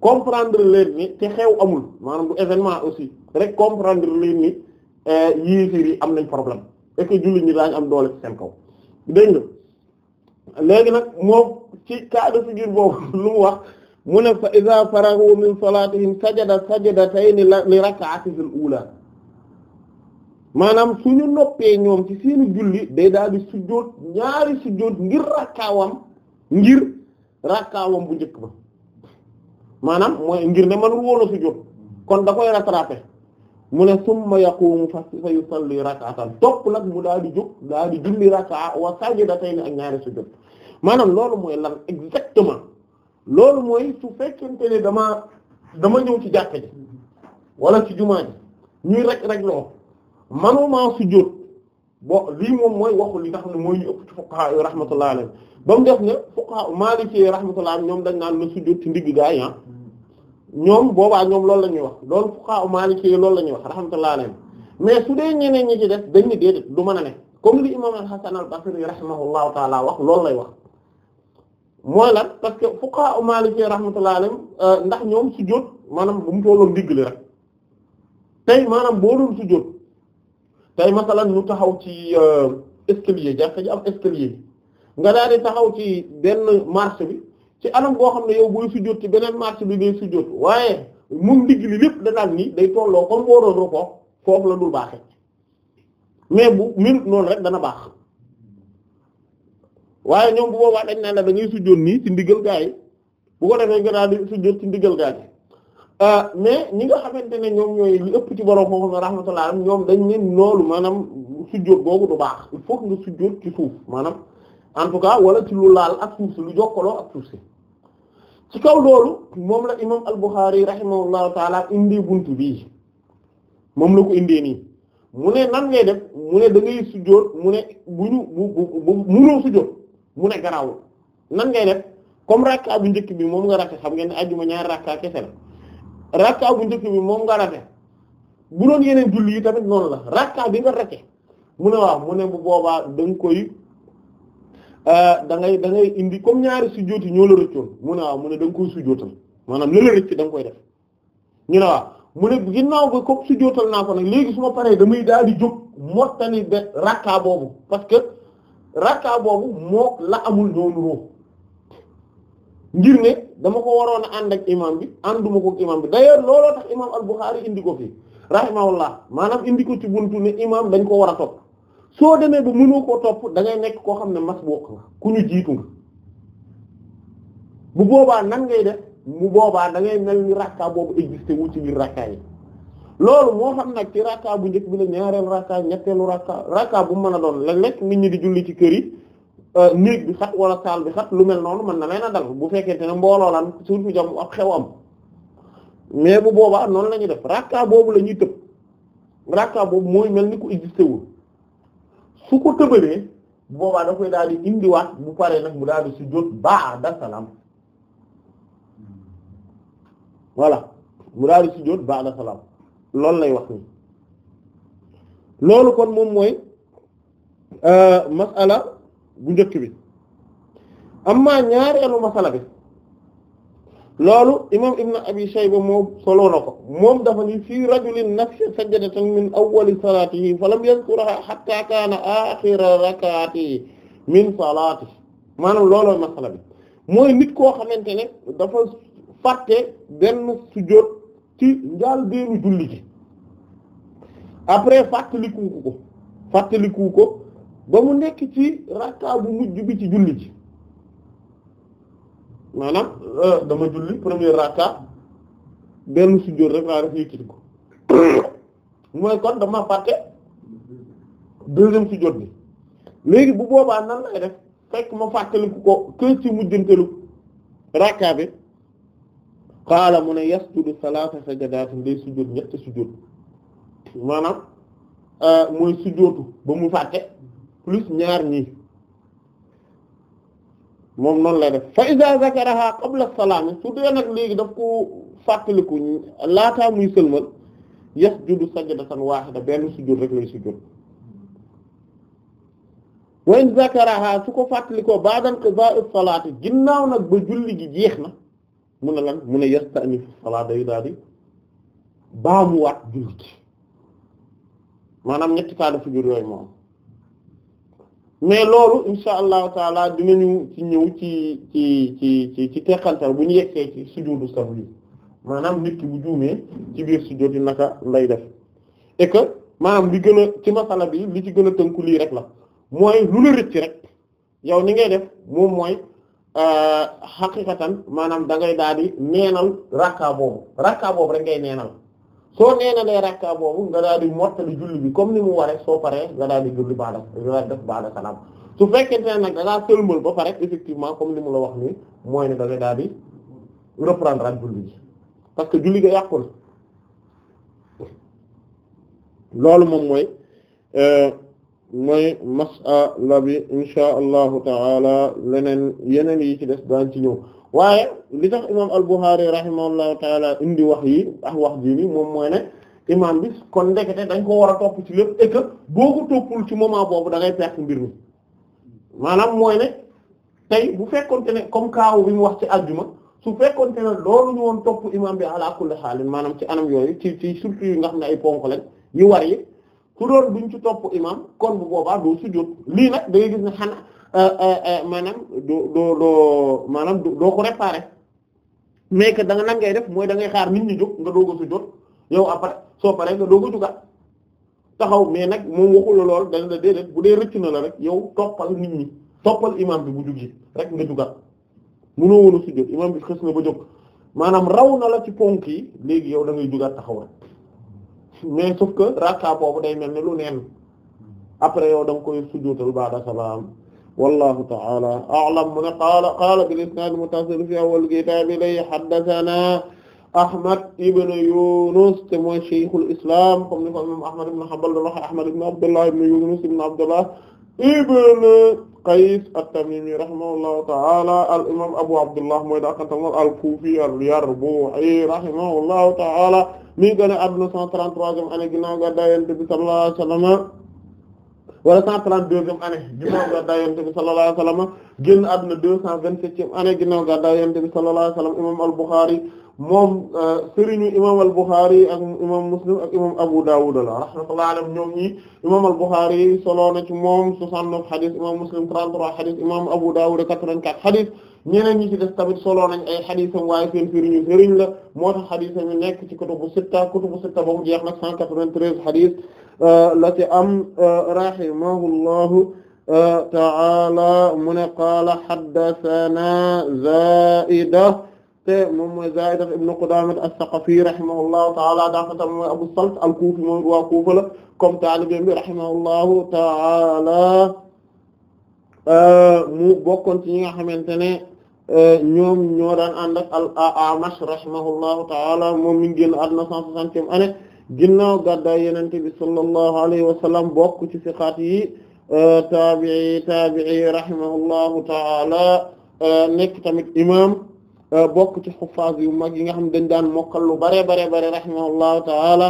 comprendre leen ni te xew amul maanaam du événement aussi rek comprendre leen ni euh, yéeféer yi am nañ problème et que ñi daañu am doole ci seen kaw dégg nga léegi nag moom ci cas de figure boobu [LAUGHS] lu mu wax mu ne fa iza farahu min salatihim sajada sajadatayn li rak'atihil ula maanaam su ñu noppee ñoom ci seeni julli day daal di sujjóot ñaari sujjóot ngir rakkaawam ngir rakkaawam bu njëkk ba maanaam mooy ngir ne manul woon a sujjóot kon da koy rattraper mu ne summa yaqumu fa fa yusalli rak'atan topp nag mu daal di jóg daal di julli rak'a wa sajdatayni ak ñaari sujjóot maanaam loolu mooy lan exactement loolu mooy su fekkente ne dama dama ñëw ci jàkka ji wala ci jumaa ji ñuy rek rek loo manuma sujjóot boo lii moom mooy waxu yi nga xam ne mooy ñu ëpp ci fuqaha yu rahmatullah alayhi ba mu def ne fuqaha maliki yi rahmatullah ñoom dañ naan na sujjóot ci ndigg gaay ah ñoom boobaa ñoom loolu la ñuy wax loolu fuqaha maliki yi loolu la ñuy wax rahmatullah alayhi mais su dee ñeneen ñi ci def dañ ni déedéet du mën a ne comme li imam al-Hasan al-Basri rahimahullahu taala wax loolu lay wax mooy lan parce que fuqaha maliki rahmatullah alayhi euh, ndax ñoom sujjóot maanaam bu mu tolloon ndigg li rek tey maanaam boo doon sujjóot tey masalan ñu taxaw ci euh, escalier jàkka ji am escalier nga daal di taxaw ci benn marche bi ci anam boo xam ne yow booy sujjóot ci beneen marche bi ngay sujjóot waaye mun ndigg li lépp danaan nii day tolloo comme boo doon rukoo foofu la dul baaxee mais bu minute noonu rek dana baax waaye ñoom bu boobaa dañ naan la da ngay sujjóot nii ci ndigal gaa yi bu ko defee nga daal di sujjóot ci ndigal gaa yi Euh, mais ñi nga xamante ne ñoom ñooy li ëpp ci borom moom na rahmatullah ñoom dañ ne loolu maanaam sujjóot boobu du baax il faut nga sujjóot ci suuf maanaam en tout cas wala ci lu laal ak suuf si lu jokkaloo ak suuf si ci kaw loolu moom la imam al-Bukhari rahimahullahu taala indi buntu bii moom la ko indee nii mu ne nan ngay def mu ne da ngay sujjóot mu ne bu ñu bu bu munoo sujjóot mu ne garaawul nan ngay def comme rakka bu njëkk bi moom nga rakka xam ngeen ne ñaari rakka rakka bu njëkk bi moom nga rate bu doon yeneen julli yi tamit noonu la rakka bi nga rate mu ne waa mu ne bu boobaa danga koy euh, da ngay da indi comme ñaari sujjóot yi ñoo la rëccoon mu ne waaw mu ne da koy sujjóotal maanaam la la rëcc koy def ñu ne waa mu ne ginnaaw ba comme sujjóotal naa ko nag léegi su ma paree damay daal di jóg mottali ba rakka boobu parce que rakka boobu moo la amul ñoo nuroo ngir ne dama ko waroon a ànd ak imam bi ànduma ko imam bi d'ailleurs looloo tax imam al-Bukhari indi ko fi rahimahullah maanaam indi ko ci buntu ne imam dañ ko war a topp soo demee ba mënoo koo topp dangay nekk koo xam ne masbuq nga ku ñu jiitu nga bu boobaa nan ngay def mu boobaa da ngay mel ni rakka boobu existé wu ci biir rakka yi loolu moo xam nag ci rakka bu njëkk bi la ñaareel rakka ñetteelu rakka rakka bu mën a doon la lekk nit ñi di julli ci kër yi Euh, néeg bi xat wala saal bi xat lu mel noonu mën na leen a dal bu fekkente ne mbooloo lan surtout jam ak xew am mais bu boobaa noonu la ñuy def rakka boobu la ñuy tëb rakka boobu mooy mel ni ku existé wul su ko tëbalee boobaa da koy daal di indiwaat bu paree nag mu daal di sujjóot ba'da salaam voilà mu daal di sujjóot ba'da salaam loolu lay wax ni loolu kon moom mooy euh, masala bu njëkk bi amma ñaareelu masala bi loolu imam ibn abi shayba moom soloo ko moom dafa ni fi rajulin nafsha sajdatan min awwali salaatihi fa lam yadhkurha hatta kaana aaxira rakaatihi min salaatihi maanaam looloo masala bi mooy nit koo xamante ne dafa fàtte benn sujjóot ci njaal deenu julli ji après fàttaliku ko fàttaliku ko ba mu nekk ci rakka bu mujj bi ci julli ji maanaam euh, dama julli premier rakka benn sujjóot rek laa def yëkkati ko [COUGHS] mooy kon dama fàtte deuxième sujjóot bi léegi bu boobaa nan lay def fekk ma fàttaliku ko kër ci mujjantelu rakka bi xaala mu ne yasjudu salaasa sajadaatin day sujjóot ñetti sujjóot maanaam euh, mooy sujjóotu ba mu fàtte plus ñaar ñi moom noonu lay def fa iza zakaraha qabla salaami su dee nag léegi daf ko fàttaliku laataa muy sëlmal yasjudu sajdatan waahida benn sujud rek lay sujud wa in su ko fàttalikoo baa inqida'i salaati ginnaaw nag ba julli gi jeex na mu ne lan mu ne yasta'nifu salaat day daal di baamuwaat julli gi maanaam ñetti cas de figure yooyu moom mais loolu insha allahu taala dinañu ci ñëw ci ci ci ci ci teqantal bu ñu yeggee ci sujudu sahwi maanaam nit ki bu juumee ci biir sujud yi naka lay def et que maanaam li gën a ci masala bi li ci gën a tënku lii rek la mooy lu la rëcc rek yow ni ngay def moom mooy euh, xaqiqatan maanaam da ngay daal di neenal rakka boobu rakka boobu rek ngay neenal soo neenalee rakka boobu nga daal di mottali julli bi comme ni mu waree soo paree nga daal di julli baada nga def baada salaam su fekkente ne nag da ngaa sëlmal ba pare effectivement comme ni mu la wax nii mooy ne da nga daal di reprendre julli bi parce que julli ga yàqul loolu moom mooy. Euh, mooy mas'ala bi insha allahu ta'ala leneen yeneen yi ci des daan ci ñëw waaye li tax imaam al-Bukhari rahimahullahu ta'ala indi wax yi ak wax ji moom mooy ne imaam bi kon ndekete dañ ko war a topp ci lépp et que boo ko toppul ci moment boobu dangay ngay mbir mi maanaam mooy ne tey bu fekkonte ne comme kaaw bi mu wax ci aljuma su fekkonte ne loolu ñu woon topp imaam bi ala kulli xaalin maanaam ci anam yooyu ci ci surtout yi nga xam ne ay ponk lañ yi war yi ku doon duñ ci topp imam kon bu boobaa doo sujjóot lii nag da ngay gis ne xan euh, euh, euh, maanaam doo doo doo maanaam doo ko réparer mais que danga nga nan ngay def mooy da ngay xaar nit ñi jóg nga doog a sujjóot yow après soo paree nga doog a jugaat taxaw mais nag moom waxu la lool dañ la déedéet bu dee rëcc na la rek yow toppal nit ñi toppal imam bi bu jugee rek nga jugaat mënoo woon sujjóot imam bi xës na ba jóg maanaam raw na la ci ponk yi léegi yow da ngay jugaat taxaw mais sauf que rakka boobu day mel ni lu neen après yow da nga koy sujjóotal ba'da salaam wallahu ta'ala a'lam mu ne qaala qaala bil isnaad muttasil fi awwal kitaab lay haddathana Ahmad ibn Yunus te mooy shaykhul islam comme ni ko imam Ahmad ibn Hanbal doon wax Ahmad ibn Abdullah ibn Yunus ibn Abdullah ibn Qays at-Tamimi rahimahullahu ta'ala al imam Abu Abdullah mooy daa kan tam al-Kufi al-Yarbu'i rahimahullahu ta'ala mi ngi gën a adduna cent trente-troisième année ginnaaw gàddaay Yonent bi sallallahu alayhi wa sallam wala cent trente-deuxième année ginnaaw gàddaay Yonent bi sallallahu alayhi wa sallam génn adduna deux cent vingt-septième année ginnaaw imam al-Bukhari moom euh, sëriñu imam al-Bukhari ak imam Muslim ak imam Abu Dawud rahmatullahi alayhim ñoom ñi imam al-Bukhari solo na moom soixante imam Muslim trente-trois hadith imam Abu Dawud quatre vingt ñeneen ñi ci def tamit solo nañ ay xadisam waaye seen sëriñu sëriñ la moo tax xadisam yi nekk ci kutubu sitta kutubu sitta ba mu jeex nag 193 xadis euh, la ci am euh, rahimahullahu euh, ta'ala mu ne qaala haddathana Zaida te moom mooy Zaida ibn Qudamah as-Saqafi rahimahullahu ta'ala daafata mooy Abu Salt al-Kufi mooy waa Kufa la comme taalibe bi rahimahullahu ta'ala mu bokkoon ci ñi nga xamante ne Eh, ñoom ñoo daan ànd ak al A'mash rahimahullahu ta'ala moom mi ngi génn àdduna 160e année ginnaaw gàddaay Yonent sallallahu alayhi wa sallam bokk ci siqaat yi eh, taabi'i ta'ala eh, nekk tamit imaam bokk ci xuffaaz yu mag yi nga xam dañ daan mokkal lu bare bare bare rahimahullahu ta'ala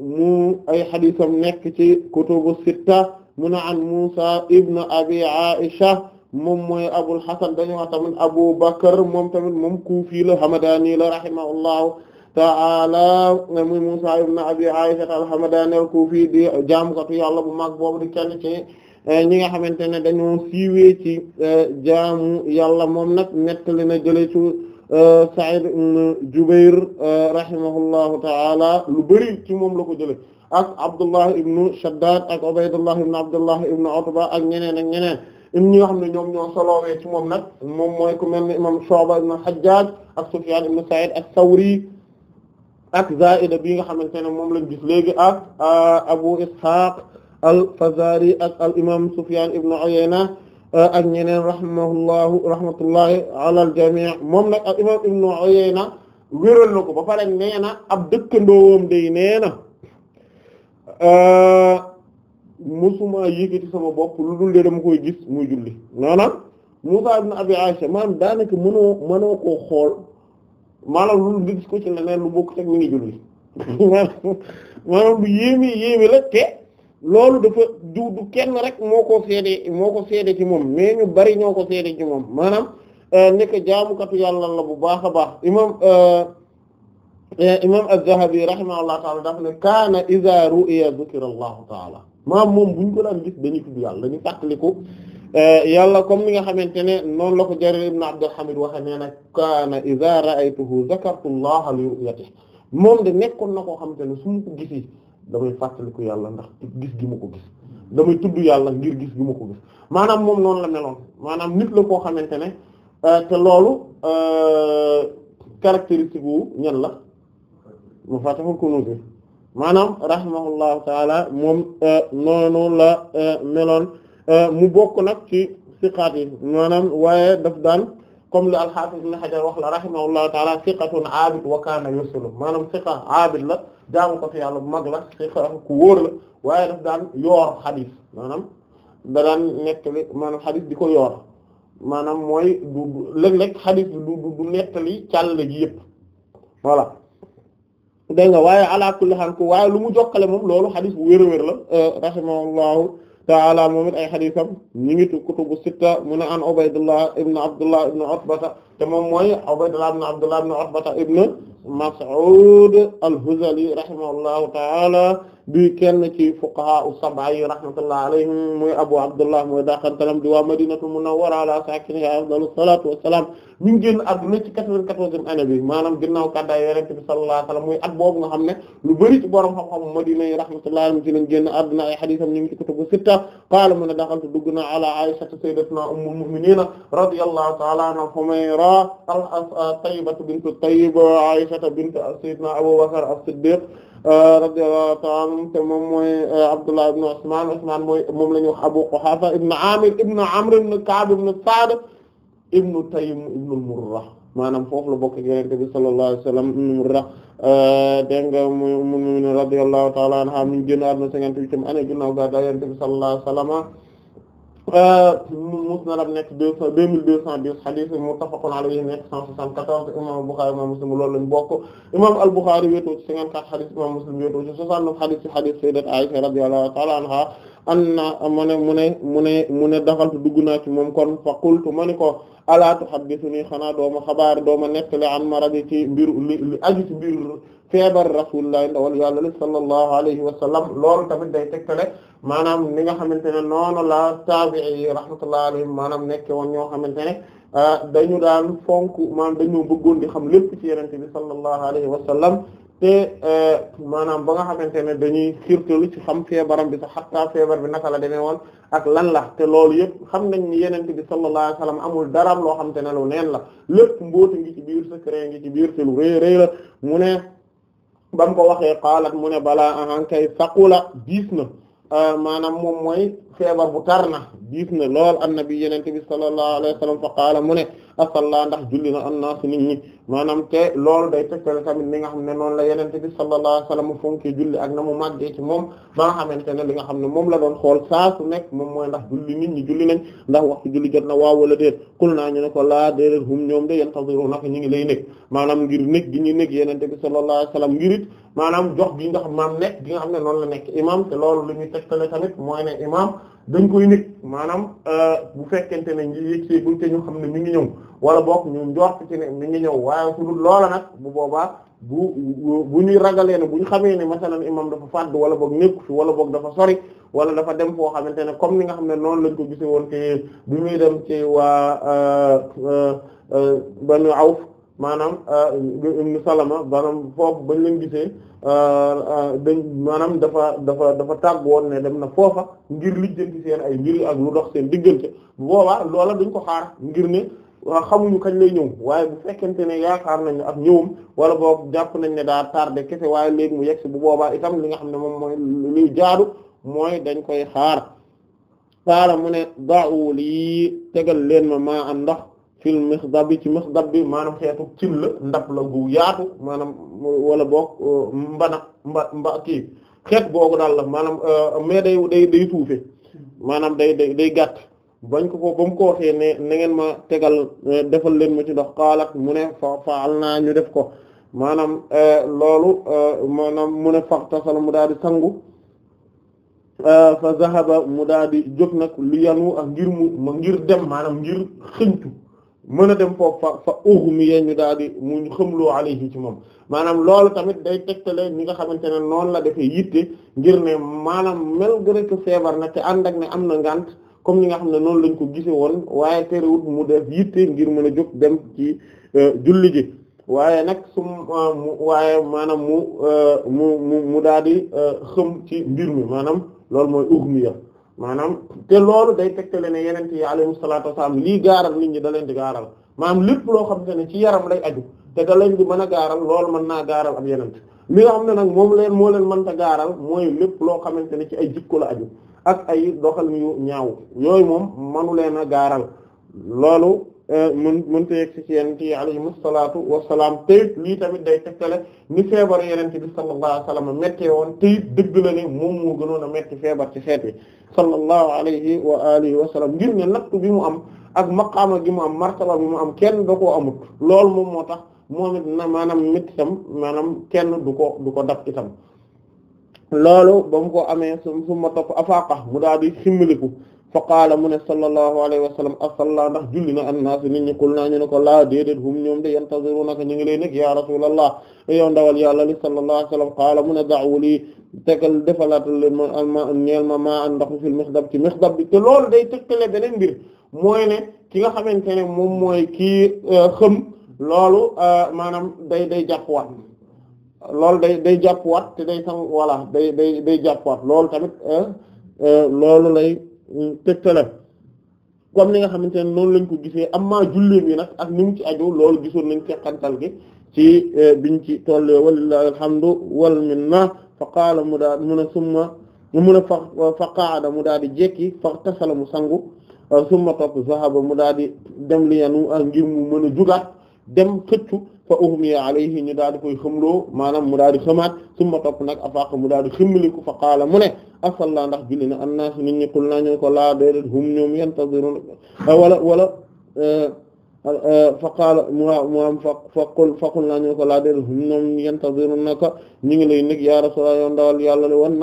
mu ay xadiisam nekk ci kutubu sitta mu na an Muusaa ibn Abi Aisha moom mooy Abul Hasan dañu wax tamit Abu Bakr moom tamit moom Kufi la Hamadani la rahimahullahu ta'ala muy Musa ibn Abi Aisha al-Hamadani al-Kufi di jaamukatu yàlla bu mag boobu di kenn ci eh, ñi nga xamante ne dañoo siiwee ci eh, jaamu yàlla moom na nag nettali na jëlee ci eh, Sa'id ibn Jubayr rahimahullahu ta'ala lu bari ci moom la ko jëlee ak Abdullah ibn Shaddad ak Ubaydullah ibn Abdullah ibn Utba ak ñeneen ak ñeneen. im ñi nga xam ne ñoom ñoo soloowee ci moom nag moom mooy ku mel ni imam Shu'ba ibn Hajjaj ak Sufyan ibn Sa'id as-Sawri ak Zaida bi nga xamante ne moom lañ gis léegi ak euh, Abu Ishaq al-Fazari ak al imam Sufyan ibn Uyayna euh, ak ñeneen rahimahullahu rahmatullahi ala al-jami' moom nag al imam ibn Uyayna wéral na ko ba pare nee na ab dëkkandoowam day nee na euh, mësuma yëkkati sama bopp lu dul de dama koy gis muy julli maanaam Musa ibn Abi Aisha maanaam daanaka mënoo mënoo ko xool maanaam lu dul gis ko ci leneen lu bokk teg mi ngi julli [LAUGHS] maanaam lu yéeme yéeme la loolu dafa du du kenn rek moo ko seede moo ko seede ci moom mais ñu bari ñoo ko seede ci moom maanaam euh, nekk jaamukatu yàlla la bu baax a baax imam euh, imam az-Zahabi rahimahullah taala daf ne kaana iza ru'iya dhukira Allahu taala maanaam moom bu ñu ko daan gis dañuy tudd yàlla dañuy fàttaliku eh, yàlla comme ni nga xamante ne noonu la ko Jarir ibn Abdul Hamid waxe nee na kaana iza ra'aytuhu zakartu Allah li ru'yatihi moom de nekkoon na koo xamante ne su ma ko gisee damay fàttaliku yàlla ndax gis gi ma ko gis damay tudd yàlla ngir gis gi ma ko gis maanaam moom noonu la meloon maanaam nit la koo xamante ne eh, te loolu eh, caractéristique ñan la mu fàttaliku maanaam rahimahullahu taala moom euh, noonu la euh, meloon euh, mu bokk nag ci siqaat yi maanaam waaye daf daan comme la al-Hafiz Ibn wax la rahimahullahu taala siqatun abid wa kaana yuslu maanaam siqa abid la jaamu ko fi yàlla bu mag la siqa ku wóor la waaye daf daan yoor xadis maanaam da daan nettali maanaam xadis di ko yoor maanaam mooy du léeg-léeg xadis bi du du nettali càll gi yëpp voilà dégg nga waaye ala kulli xaal ko lu mu jokkale moom loolu xadis bu wér a wér la euh, rahimahullahu taala moom it ay xadisam ñu ngi kutubu sitta mu ne an Ubaydullah ibn Abdullah ibn Utbata te moom mooy Ubaydullah ibn Abdullah ibn Utbata ibn Mas'ud al-Huzali rahimahullahu ta'ala bi kenn ci fuqaha as-sab'a yi rahmatullahi alayhim muy Abu Abdullah mooy daaxantalam di waa Madinatu Munawwara ala sakiniha afdalu salatu wassalam mi ngi génn àdduna ci quatre-vingt-quatorzième année bi maanaam ginnaaw kàddaay Yonent bi sallallahu alayhi wasallam muy at boobu nga xam ne lu bari ci borom xam-xam Madina yi rahmatullahi alayhim ci lañ génn àdduna ay hadiisam ñu ngi ci kutubu sitta qaala mu ne daxaltu dugg na ala Aysata sayyidatuna ummul mu'minin radiyallahu ta'ala anha Humayra Tayyibatu bintu Tayyib Aysata bint Sayyidina Abu Bakr as-Siddiq euh, radiyallahu ta'ala anhu te moom mooy euh, Abdullah ibn Usman Usman mooy moom la ñu wax Abu Quhafa ibn Amir ibn Amr ibn Ka'b ibn Sa'd ibn Taym ibn al-Murra maanaam foofu la bokk ak Yonent bi sallallahu alayhi wa sallam ibn al-Murra euh, dégg nga mu mu radiyallahu ta'ala anha mi ngi génn àdduna 58 am année ginnaaw gàddaay Yonent bi sallallahu alayhi wa sallam Euh, musnad am nekk deux cent deux mille deux cent dix hadith muttafaqun alayhi nekk cent soixante-quatorze imam Bukhari imam Muslim loolu lañ bokk imam al-Bukhari wéetoo ci cinquante-quatre hadith imam Muslim wéetoo ci soixante-neuf hadith ci hadith sayyidat Aisha radiyallahu ta'ala anha an na mu ne mu ne mu ne mu ne daxaltu dugg naa ci moom kon fa qultu ma ni ko alaa tuhaddithuni xanaa dooma xabaar dooma nettali an maradi ci mbiru li aju ci mbiru feebar rasulullah ndawal yàlla li sallallahu alayhi wa sallam loolu tamit day tegtale maanaam ni nga xamante ne noonu la taabi'i yi rahmatullahi alayhim maanaam nekke woon ñoo xamante ne ah, dañu daan fonk maanaam dañu bëggoon di xam lépp ci yenente bi sallallahu alayhi wa sallam te euh, maanaam ba nga xamante ne dañuy xiirtalu ci xam feebaram bi sax xattaa feebar bi naka la demee woon ak lan la te loolu yëpp xam nañ ni yeneen bi sallallahu alayhi wasallam amul dara loo xamante ne lu neen la lépp mbooti ngi ci biir secret ngi ci biir te lu rëy rëy mu ne ba ko waxee xaalat mu ne balaa ahankay saqula diis na euh, maanaam moom mooy feebar bu tar na diis na lool annabi yenente bi sallallahu alayhi wa fa qaala mu ne ndax julli na annaas nit ñi maanaam te loolu day tegtale tamit li nga xam ne noonu la yenente bi sallallahu alayhi wa sallam fonkee julli ak na mu màggee ci moom ba nga xamante ne li nga xam ne moom la doon xool saa su nekk moom mooy ndax julli nit ñi julli nañ ndax waxtu julli jot na waaw wala kul naa ñu ne ko laa déedéet ñu ngi lay nekk maanaam ngir nekk gi ñu nekk yenente bi sallallahu ngirit maanaam jox gi nga xam maam nekk gi nga xam ne noonu la nekk imam te loolu li ñuy tegtale tamit mooy ne imam dañ koy nekk maanaam euh, bu fekkente ne ñu yëgsee buñ te ñu xam ne mi ngi ñëw wala bokk ñu njort ci ne mi ngi ñëw waaye su dul loola nag bu boobaa bu bu ñuy ragalee ne bu ñu xamee ne masalan imam dafa fàdd wala boog nekku fi wala boog dafa sori wala dafa dem foo xamante ne comme ni nga xam ne noonu lañ ko gise woon ci bi muy dem ci waa euh, euh, banu aw maanaam euh, ibnu salama maanaam foofu bañ leen gisee euh, euh, dañ maanaam dafa dafa dafa tàgg woon ne dem na foofa ngir lijjanti seen ay mbir ak lu dox seen diggante bu boobaa loola duñ ko xaar ngir ne xamuñu kañ lay ñëw waaye bu fekkente ne yaakaar nañ ne ak ñëwam wala boog jàpp nañ ne daa tardé kese waaye léegi mu si bu boobaa itam li nga xam ne moom mooy liy jaadu mooy dañ koy xaar xaara mu ne da'u lii tegal leen ma maa am ndax fil mixdab bi ci mixdab bi maanaam xeetu cin la ndab la gu yaatu maanaam wala boog uh, mbana mba kii xeet googu daal la maanaam uh, mais day day tuufe maanaam day day day gàtt bañ ko ko ba mu ko waxee ne na ma tegal uh, defal leen ma ci ndox xaalat mu ne fa faal naa ñu def ko maanaam loolu maanaam mu ne faxtasala mu daal di sangu fa zahaba mu daal di jóg nag lu yanu ngir mu ma ngir dem maanaam ngir xëñtu mën a dem foofu fa fa yee ñu daal di mu xamloo alayhi ci moom maanaam loolu tamit day tegtale ñi nga xamante ne noonu la defee yitte ngir ne maanaam malgré que feebar nag te ànd ak ne am na ngànt comme ñi nga xam ne noonu lañu ko gisee woon waaye terewut mu def yitte ngir mën a jóg dem ci euh, julli ji waaye nag su euh, waaye maanaam mu euh, mu mu mu daal di xëm ci mbir mi maanaam loolu mooy ugmiya maanaam te loolu day tegtale ne yeneen yi alayhimu salaatu wasalaam lii gaaral nit ñi da leen di gaaral maam lépp loo xam te ne ci yaram lay aju te da leen di mën a gaaral loolu mën naa gaaral ab yeneen li nga xam ne nag moom leen moo leen mënta gaaral mooy lépp loo xamante ne ci ay jikko la aju ak ay doxal yu ñaaw yooyu moom manu leen a gaaral loolu Euh, mën mënta yegg si ci yenent yi alayhimu salaatu wassalaam te it lii tamit day tegtale ni feebar yenente bi sallallahu wa sallam méttee woon te it dëgg la ne moom moo gënoon a métti feebar ci xeet bi sallallahu wa alihi wa sallam ngir ne nattu bi mu am ak maqaama gi mu am martaba bi mu am kenn da koo amut lool moom moo tax moom it na maanaam métti itam kenn du ko du ko dab itam loolu ba mu ko amee su ma topp afaaqa mu daal di simmaliku fa qaala mu ne sallallahu alayhi wa sallam asalla ndax julli na annaas nit ñi kul naa ñu ne ko laa déedéet hum ñoom de yantazirunaka ñu ngi lay nekk ya rasulallah yow ndawal yàlla li sallallahu alayhi wa sallam qaala mu ne da'uli te defalaatal leen ma ma maa an ndoxu fil mixdab ci mixdab bi te loolu day tëkkale beneen mbir mooy ne ki nga xamante ne moom mooy kii euh, xëm loolu euh, maanaam day day jàppwaat loolu day day jàppwaat te day sam voilà day day day jàppwaat loolu tamit euh, loolu lay tegtale comme ni nga xamante ne noonu lañ ko gisee amma julli bi nag ak ni mu ci aju loolu gisoon nañ teqantal gi ci eh, biñ ci tolle walillahi alhamdu wal minna fa qaala mu daa mun a summa mun a fa mu daa di jekki fa tasala mu sangu summa topp zahaba mu daa di dem li yanu ngir mu mën a jugaat dem xëccu fa uhmiya alayhi ñu daal di koy xëmloo maanaam mu daal di xëmaat summa topp nag afaaq mu daal di xëmmaliku fa qaala mu ne asalla ndax julli na annaas nit ñi qul naa ko laa déedéet hum ñoom yantaziruun euh, euh, muam fa fa qul ko laa déedéet hum ñoom yantaziruun naka ñu ngi lay nekk ya rasulullah yow ndawal yàlla le wan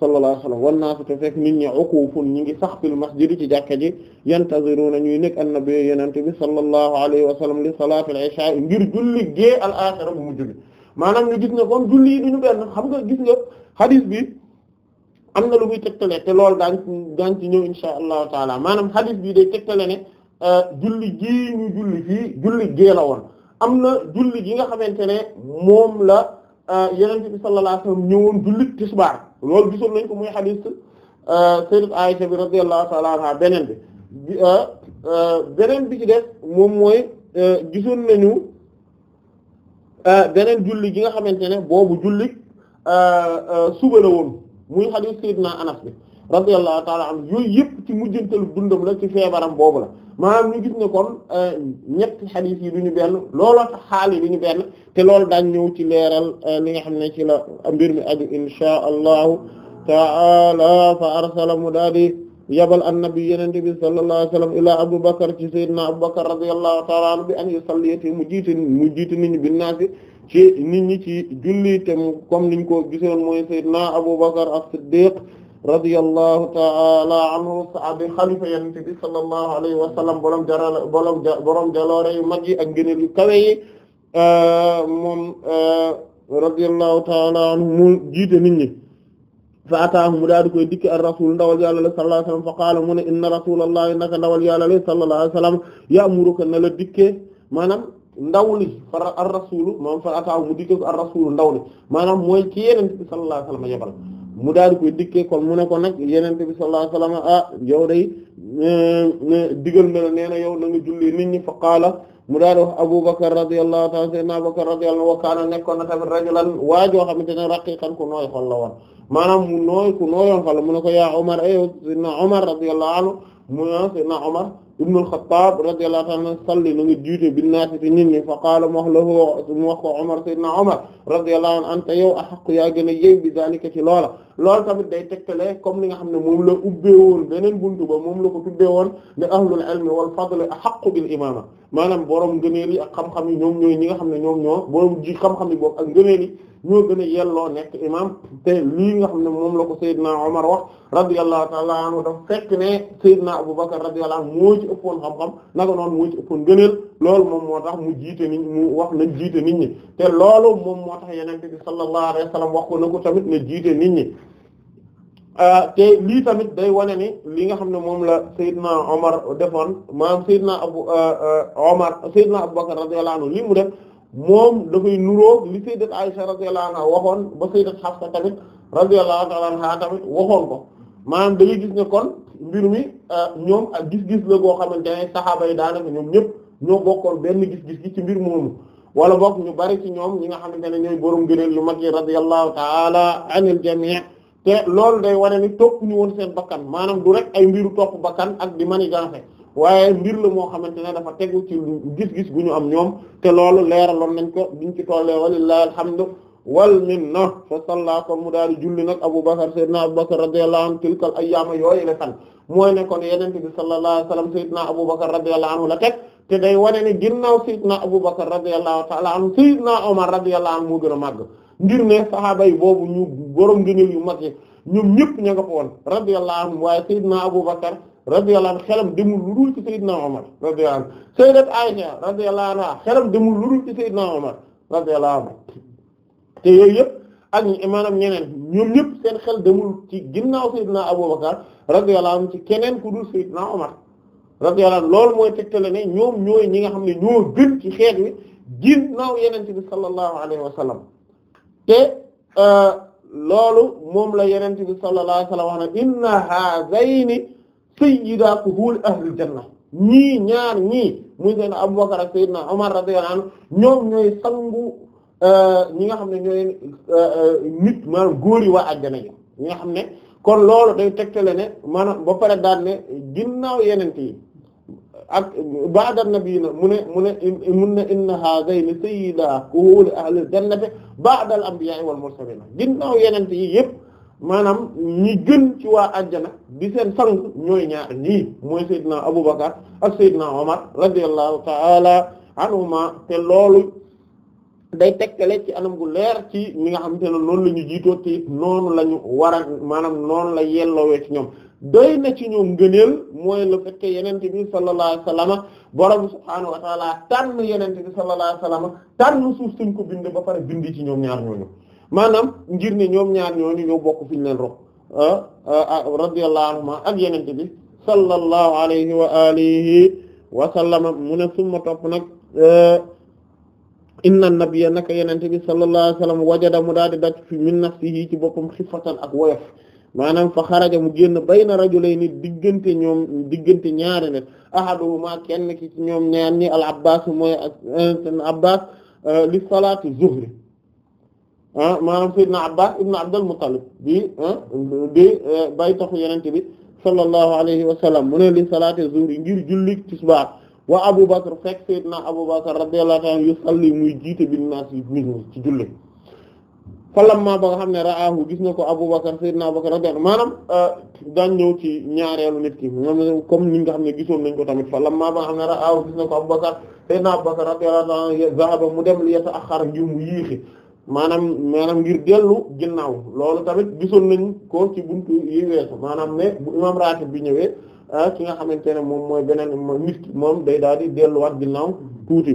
sallallahu alayhi wa sallam wan naa fi te ñi uqufun ñi sax fil masjid ci jàkka ji yantaziruna ñuy nekk annabi yenente bi sallallahu alayhi wa sallam li salaatil isha ngir julli gée al axira bu mujj bi maanaam ñu gis ne kon julli yi du ñu benn xam nga gis nga hadith bi am na lu muy tegtale te loolu daañ daañ ci ñëw insha allahu taala maanaam hadith bi de tegtale ne euh, julli gii ñu julli fii julli gée la woon am na julli gi nga xamante ne moom la euh, yenente bi sallallahu alayhi wa sallam ñëwoon julli loolu gisoon nañ ko muy hadith euh, sayyidat Aisha bi radiyallahu ta'ala anha beneen bi euh, euh, beneen bi ci def moom mooy gisoon nañu beneen julli gi nga xamante ne boobu julli suba la woon muy hadith na Anas bi radiyallahu ta'ala anhu yooyu yëpp ci mujjantalu dundam la ci feebaram boobu la maa ñu gis ne kon euh, ñetti xadiis yi du ñu benn looloo tax xaal yi du ñu benn te loolu daañ ñëw ci leeral euh, li nga xam ne ci la mbir mi aju insha allahu taala fa arsala mu daal di yabal annabi yenente bi sallallahu alayhi wa sallam ilaa abou bakar ci sayyidina abou bakar radiyallahu taala anhu bi an yusalli mu jiite mu jiite nit ñi binnaasi ci nit ñi ci julli te comme niñ ko gisoon mooy sayyidina abou bakar as-siddiq radiyallahu ta'ala anhu saabi xalifa yenante bi sallallahu alayhi wa sallam borom jaral borom borom jaloore yu mag yi ak ngëneel yu kawe yi euh, moom euh, radiyallahu ta'ala anhu mu jiite nit ñi fa ataahu mu daadi koy dikki ar rasul ndawal yàlla la sallallahu alayhi wa sallam fa qaala mu ne inna rasulallahi naka ndawal yàlla la sallallahu alayhi wa sallam ya'muruka na la dikkee maanaam ndaw li far ar rasulu maanaam fa ataahu mu dikkee ko ar rasulu ndaw li maanaam mooy ci yeneen bi sallallahu alayhi wa sallam yebal mu daal di koy dikkee kon mu ne ko nag yenente bi sallallahu alayhi wasallam ah yow day eh, digal na la nee na yow na nga julli nit ñi fa qaala mu daal di wax aboubacar radiyallahu ta'ala sayyidina aboubacar radiyallahu wa kaana nekkoon na tamit rajulan waajoo xamante ne raqiqan ku nooy xol la woon maanaam mu nooy ku nooyoon xol mu ne ko yaa omar ayow eh, sayyidina omar radiyallahu anhu mu sayyidina Umar ibn al-Khattab radiyallahu anhu salli na nga jiite bin naati ci nit ñi fa qaala mu wax lahu mu wax ko Umar sayyidina Umar radiyallahu anhu anta yow ahaqqu yaa gën a yey bi zalika ci loola loolu tamit day tegtale comme li nga xam ne moom la ubbee woon beneen buntu ba moom la ko tuddee woon ne ahlul ilmi wal fadli ahaqqu bil imaama maanaam borom ngëneel yi ak xam-xam yi ñoom ñooy ñi nga xam ne ñoom ñoo borom ji xam-xam yi boobu ak ngëneel yi ñoo gën a yelloo nekk imam te lii nga xam ne moom la ko Seydina Omar wax radiyallahu ta'ala anhu dafa fekk ne Seydina Abubakar radiyallahu anhu moo ci ëppoon xam-xam naka noonu moo ëppoon ngëneel lool moom moo tax mu jiite nit mu wax na jiite nit ñi te loolu moom moo tax Yonent bi sallallahu alayhi wasallam wax ko na ko tamit ne jiite nit ñi Euh, te lii tamit day wane ni lii nga xam ne moom la Seydina Omar defoon maanaam Seydina Abu euh, euh, Omar naa Abu Bakr radiyallahu anhu lii mu def moom dafay nuróog li Sayyidat Aisha radiyallahu anha waxoon ba Sayyidat Hafsa tamit radiyallahu ta'ala anha tamit waxoon ko maanaam da gis ne kon mbir mi ñoom ak gis-gis la goo xamante ne saxaaba yi daanaka ñoom ñëpp ñoo bokkoon benn gis-gis ci mbir moomu wala bokk ñu bari ci ñoom ñi nga xam ne ñooy borom gëneel lu mag yi radiyallahu ta'ala te loolu day wane ni topp ñu woon seen bakkan maanaam du rek ay mbiru tokku bakkan ak di manigancé waaye mbir la moo xamante ne dafa tegu ci gis-gis gu ñu am ñoom te loolu leeral leeraloon nañ ko biñ ci tollee walillahi alhamdu wal minna fa salla kon mu daal di julli nag Abubakar Seydina Abubakar radiyallahu anhu tilkal ayyaama yooyu la fan mooy ne kon yonent bi sallallahu alayhi wasallam Seydina Abubakar radiyallahu anhu la teg te day wane ne ginnaaw Seydina Abubakar radiyallahu ta'ala anhu Seydina Omar radiyallahu anhu moo gën a màgg. ngir ne saxaaba yi boobu ñu borom ngëneel yu mag yi ñoom ñëpp ña nga fa woon radiyallahu anhu waaye Seydina Aboubacar radiyallahu anhu xelam demul lu dul ci Seydina Omar radiyallahu anhu Sayyidat Aisha radiyallahu anha xelam te yooyu yëpp ak maanaam ñeneen ñoom ñëpp seen xel demul ci ginnaaw Seydina Aboubacar radiyallahu anhu ci keneen ku dul Seydina Omar radiyallahu anhu loolu mooy tegtale ne ñoom ñooy ñi nga xam ne ñoo gën ci xeet wi ginnaaw yeneen bi sallallahu alayhi wa sallam te euh, loolu moom la yeneen bi sallallahu alayhi wa sallam wax na inna haazayni sayyidaa janna ñii ñaar ñii muy seydna Abubakar ak seydna Umar radiyallahu anhu ñoom ñooy sangu euh, ñi nga xam ne ñooy euh, nit maanaam góor yi waa àjjana yi ñi nga xam ne kon loolu day tegtale ne maanaam ba pare daan ne ginnaaw yeneen yi ak ba'da na mu ne mu ne mun na inna haadayni ko li ahli jannati ba'da al anbiya'i wal mursalin ginnaaw yenente yi yëpp maanaam ñi gën ci waa ajjana di seen sang ñooy ñaar ñii mooy abu abubakar ak sayyidina omar radiyallahu ta'ala anhuma te loolu day tekkale ci anam gu leer ci ñi nga xam ne noonu la ñu jiitoo te noonu lañu ñu war a maanaam noonu la yellowee ci ñoom doy na ci ñoom ngëneel mooy le fait que yenente bi sallallahu wa sallam borom subhaanahu wa taala tànn yenente bi sallallahu alayhi wa sallam tànn suuf suñ ko bind ba pare bind ci ñoom ñaar ñooñu maanaam ngir ne ñoom ñaar ñooñu ñoo bokk fi ñu leen rox ah, ah, ah, radiyallahu anhuma ak yenente bi sallallahu alayhi wa alihi wa sallama mu ne summa topp nak eh, inna nabiyya naka yenente bi sallallahu alayhi wa sallam wajada mu daal di daj fi min nafsihi ci boppam xifatan ak woyof maanaam fa xaraja mu génn bayna rajulayni diggante ñoom diggante ñaari ne ahaduhuma kenn ki ci ñoom ñaar ni al euh, abbas mooy euh, abbas li salaati zuhri ah maanaam sayyidna abbas ibn abdul muttalib bi di ah, euh, bay taxu yenente bi sallallahu alayhi wa sallam mu ne li salaati zuhri ngir julli tisbaar wa abu bakr fekk sayyidna abu bakr radiyallahu yu yusalli muy jiite bin naas yi ci julli falamma ba nga xam ne raahu gis na ko Abubakar sayyidina Abubakar radiyallahu maanaam euh, daañ ñëw ci ñaareelu nit ki moom comme ni nga xam ne gisoon nañ ko tamit falamma ba nga xam ne raahu gis na ko Abubakar sayyidina Abubakar radiyallahu zahaba mu dem li yata'akhkhar ngir mu maanaam maanaam ngir dellu ginnaaw loolu tamit gisoon nañ ko ci buntu yi maanaam ne bi ñëwee euh, ki nga xamante ne moom mooy beneen nit moom day daal di delluwaat ginnaaw tuuti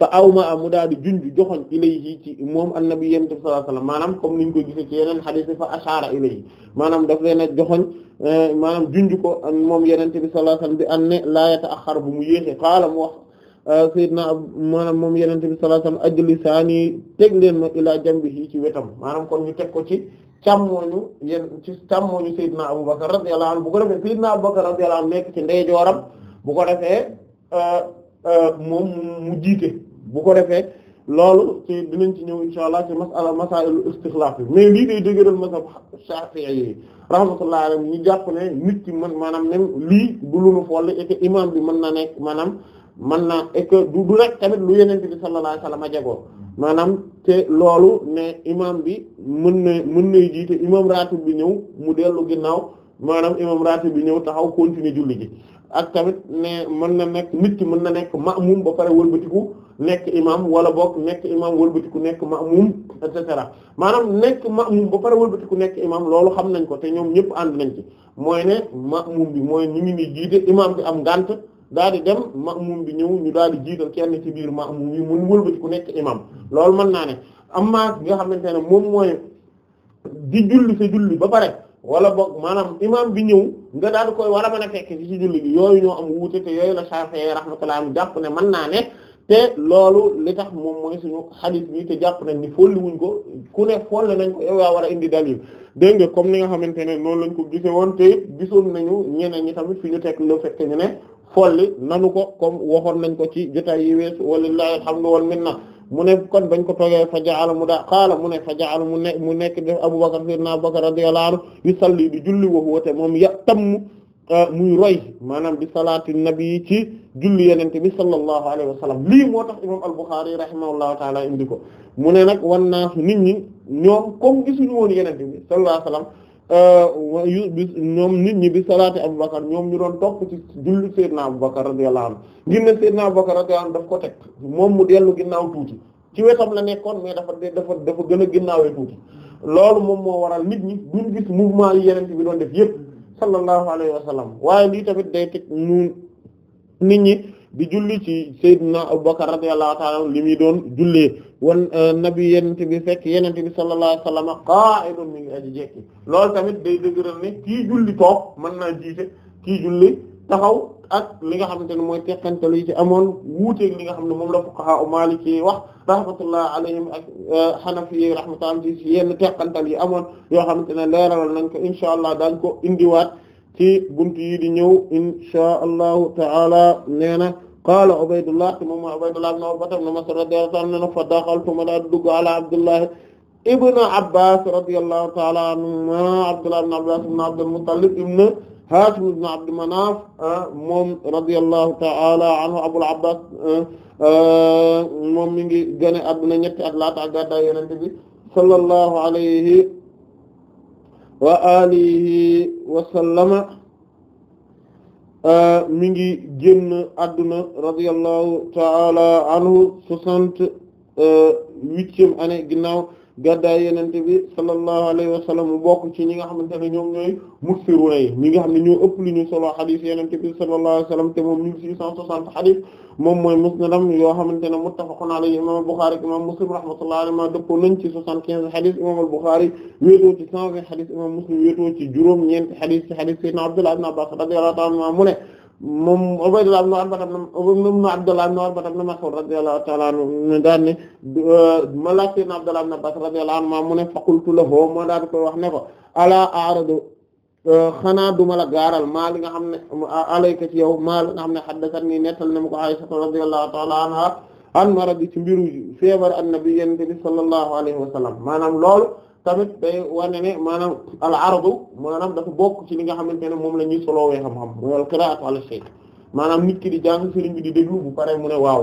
fa awma a mu daal di junj joxoñ ilayhi ci moom annabi yente bi sallallahu alayhi wasallam maanaam comme niñ ko gisee ci yeneen xadiis yi fa ashara ilayhi maanaam daf leen a joxoñ eh, maanaam junj ko moom yenente bi sallallahu alayhi wasallam bi an ne laa bu mu yéexee qaala mu wax eh, sayyidna maanaam moom yenente bi sallallahu alayhi wasallam ajlisaani teg leen ma ilaa jambihi ci wetam maanaam kon ñu teg ko ci càmmooñu yéen ci càmmooñu sayyidna Abubakar radiyallahu anhu bu ko defee sayyidna Abubakar radiyallahu anhu nekk ci ndeyjooram bu ko defee eh, moom mu jiite bu ko defee loolu ci dinañ ci ñëw insha allah ci masala masailu istixlaaf bi mais lii day dëgëral mazhab Shafi'i yi rahmatullahi alayhi ñu jàpp ne nit ki man maanaam même lii du lu nu foll et que bi mën na nekk maanaam mën na et que du du rek tamit lu yenente bi sallallahu alayhi wasallam a jagoo maanaam te loolu ne imam bi mën na mën na jiite imam ratib bi ñëw mu dellu ginnaaw maanaam imam ratib bi ñëw taxaw continuer julli gi ak tamit ne mën na nekk nit ki mën na nekk ma'mum ba pare wëlbatiku nekk imam wala boog nekk imam wëlbatiku nekk ma'mum et cetera maanaam nekk ma'mum ba pare wëlbatiku nekk imam loolu xam nañ ko te ñoom ñëpp ànd nañ ci mooy ne ma ma'mum bi mooy ñu ngi ni jiite imam bi am ngànt daal di dem ma'mum bi ñëw ñu daal di jiital kenn ci biir ma'mum mu mun wëlbatiku nekk imam loolu mën naa ne am amaa nga xamante ne moom mooy di julli sa julli ba pare wala boog maanaam imam bi ñëw nga daal di koy war a mën a fekk ci julli gi yooyu ñoo am wuute te yooyu la Shafi'i rahmatullah am jàpp ne mën naa ne te loolu li tax moom mooy suñu xadis bi te jàpp nañ ni folli wuñ ko ku ne folle nañ ko war a indi dégg nga comme ni nga xamante ne noonu lañ ko gisee woon te gisoon nañu ñeneen ñi tamit fi ñu teg lu fekk ñu ne folli nanu ko comme waxoon nañ ko ci jotaay yi weesu walillahi alhamdu wal minna mu ne kon bañ ko toogee fa jaala mu daa xaala mu ne fa jaala mu ne mu nekk def Abubakar sayyidina Abubakar radiyallahu anhu yu salli di julli wa huwa te moom ya tamm euh, muy roy maanaam bi salaati nabi ci julli yenente bi sallallahu alayhi wa sallam lii moo tax imam al-Bukhari rahimahullahu taala indi ko mu ne nag wan naa su nit ñi ñoom comme gisuñu woon yenente bi sallallahu alayhi Euh, ñoom nit ñi bi salaati Abubakar ñoom ñu doon topp ci julli Seydina Abubakar radiyallahu anhu ngir ne Seydina Abubakar radiyallahu anhu daf ko teg moom mu dellu ginnaaw tuuti ci wetam la nekkoon mais dafa dafa dafa gën a ginnaawee tuuti loolu moom moo waral nit ñi duñ gis mouvement yeneen bi doon def yépp sallallahu alayhi wa sallam waaye lii tamit day teg ñi di julli ci Seydina Abubakar radiyallahu li muy doon jullee wan euh, nabi yenente bi fekk yenente bi sallallahu alayhi wasallam qa'idun mi ngi aji jekki lool tamit day dëgëral ne kii julli toog man naa jiite kii julli taxaw ak li nga xamante ne mooy teqantelu yi ci amoon wuuteeg li nga xam ne moom la fuqaha u maliki wax rahmatullah alayhim ak xanafi euh, yi rahmatullah ci yenn teqantal yi amoon yoo xamante ne leeralal nañ ko insha allah daañ ko indiwaat ci buntu yi di ñëw insha allahu taala nee qaala Ubaydullah te moom mooy Ubaydullah ibn Utba ibn Mas'ud radiyallahu anhu fa daxaltu ma daal dugg ala Abdullah ibn Abbas radiyallahu ta'ala anhuma Abdullah ibn Abbas ibn Abdul Muttalib ibn Hashim ibn Abd Manaf ah, moom radiyallahu ta'ala anhu Abul Abbas ah, ah, moom mi ngi génn àdduna ñetti at laata ak gàddaay Yonent bi sallallahu alayhi wa alihi wa sallama mi ngi génn àdduna radiyallahu ta'ala anhu soixante-huitième euh, année ginnaaw gàddaay yenente bi sallallahu alayhi wa mu bokk ci ñi nga xam ne ñoom ñooy muksiruna yi ñi nga xam ne ñoo ëpp lu ñu solo xadis yenente bi sallallahu alayhi te moom mille six cent soixante yoo xamante ne muttafaqun alayhi imam al-Bukhari ak imam Muslim rahmatullahi alayhi ma dëppoo nañ ci soixante-quinze xadis imam al-Bukhari ci cent vingt xadis imam Muslim wéetoo ci juróom ñeenti xadis ci xadis sayyidina Abdullah ibn Abbas radiyallahu ta'ala moom Ubaydullah ibn Utba ibn Abdullah ibn Utba ibn Mas'ud radiyallahu ta'ala euh, ma laaj seen Abdullah ibn mu ne moo daal di koy wax ne ko ala a'radu euh, xanaa duma la gaaral maa li nga xam ne alayka ci yow maa nga xam ne haddathatni nettal na ma ko Aisha radiyallahu ta'ala anha an maradi ci mbiru feebar an nabi yente bi sallallahu alayhi wa sallam maanaam loolu tamit day wane ne maanaam al aradu maanaam dafa bokk ci li nga xamante ne moom la ñuy solowee xam-xam mooy al qira'atu ala shaykh maanaam nit ki di jàng sëriñ bi di déglu bu paree mu ne waaw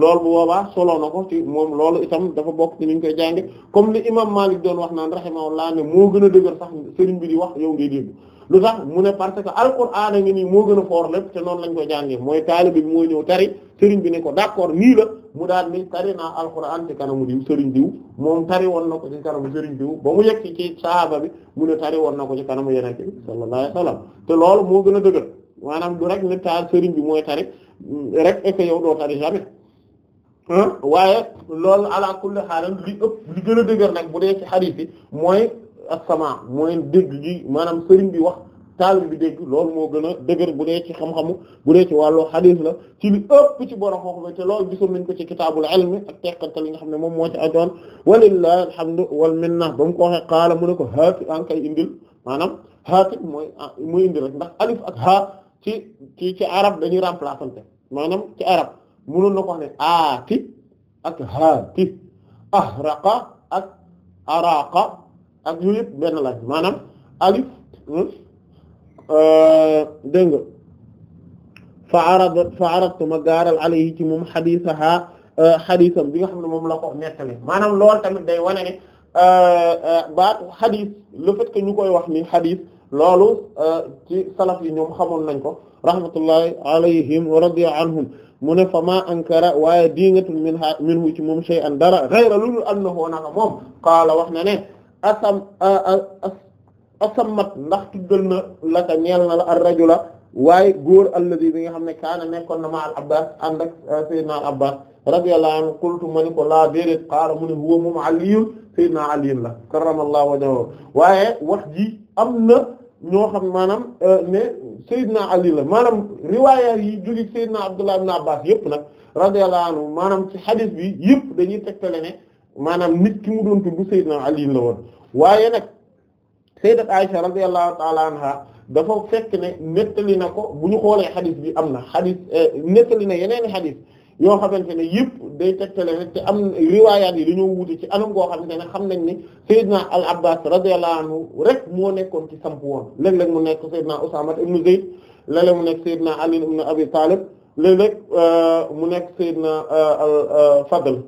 lool bu boobaa solo na ko ci moom loolu itam dafa bokk ci ni koy jànge comme li imam Malik doon wax naan rahimahullah ne moo gën a dëgër sax sëriñ bi di wax yow ngay dégg lu tax mu ne parce que alquran a ngi nii moo gën a foor lépp te noonu lañ ko jàngee mooy taalibe bi mooy ñëw tari sëriñ bi ne ko d'accord nii la mu daal ni tari naa alquran ci kanamu diw sëriñ moom tari woon na ko ci kanamu sëriñ diw ba mu yegg ci sahaaba bi mu ne tari woon na ko ci kanamu yeneen bi sallallahu alayhi wasallam te loolu moo gën a dëgër maanaam du rek ne taal sëriñ bi mooy tari rek est yow doo tari jamais waaye loolu ala kulli xaaral li ëpp li gën a dëgër nag bu dee ci xarit bi mooy as-sama mooy dégg gi maanaam sëriñ bi wax taalib bi dégg loolu moo gën a dëgër bu dee ci xam bu dee ci wàllu xadiis la ci li ci borom xooxuma loolu gisoon nañ ko ci kitaabul ilmi ak teqantal moom moo ci ajoon walillahi alhamdu wal minna ko waxee qaala ne ko haati an maanaam haati mooy muy indil rek ndax alif ak haa ci ci ci arab dañuy remplaçante maanaam ci arab mënoon na ko aati ak haati ahraqa ak araqa ak yooyu yëpp benn laaj maanaam alif hmm, euh, dégg nga fa arad fa aradtu ma gaaral alayhi ci moom xadiisaha euh, xadiisam bi nga xam ne moom la ko nettali maanaam loolu tamit day wane ne euh, baatu xadiis le fait ñu koy wax ni xadiis loolu ci salaf yi ñoom xamoon nañ ko rahmatullahi alayhim wa radiya anhum mu ne fa ma ankara waaye diingatul minha minhu ci moom shay'an dara ghayra lu annahu naka moom qaala wax na asam asammat ndax tuddal na la ka ñeel na la ar rajula waaye góor alladi bi nga xam ne kaana nekkoon na ma al abbas ànd ak sayyidina al abbas radiyallahu anhu qultu ma ni ko laa déedéet qaala mu ne huwa moom aliyun sayyidina aliyun la karramallahu wajhahu waaye wax ji am na ñoo xam maanaam ne sayyidina ali la maanaam riwaaya yi jógi sayyidina abdullah ibn abbas yépp nag radiyallahu anhu maanaam ci hadith bi yépp dañuy tegtale ne maanaam nit ki mu doon tudd Seydina Ali la woon waaye nag Sayyidat Aisha radiyallahu ta'ala anha dafa fekk ne nettali na ko bu ñu xoolee xadis bi am na xadis eh, nettali na yeneeni xadis yoo xamante ne yëpp day tegtale rek te am riwaayaat yi dañoo wuute ci anam goo xamante ne xam nañ ne Seydina Al Abbas radiyallahu anhu rek moo nekkoon ci samp woon léeg mu nekk Seydina Usaama ibn Zayd léeg-léeg mu nekk Seydina Ali ibn Abi Talib léeg-léeg euh, mu nekk Seydina euh, euh,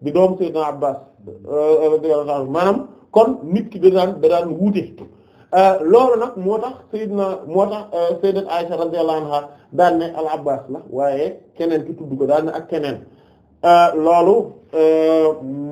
di doom Seydina Abbas radiyallahu euh, euh, maanaam kon nit ki da daan da daan wuute euh, loolu nag moo tax dina moo tax Seydina Aisha radiyallahu anha daan ne al Abbas la waaye keneen ki tudd ko daan ne ak keneen loolu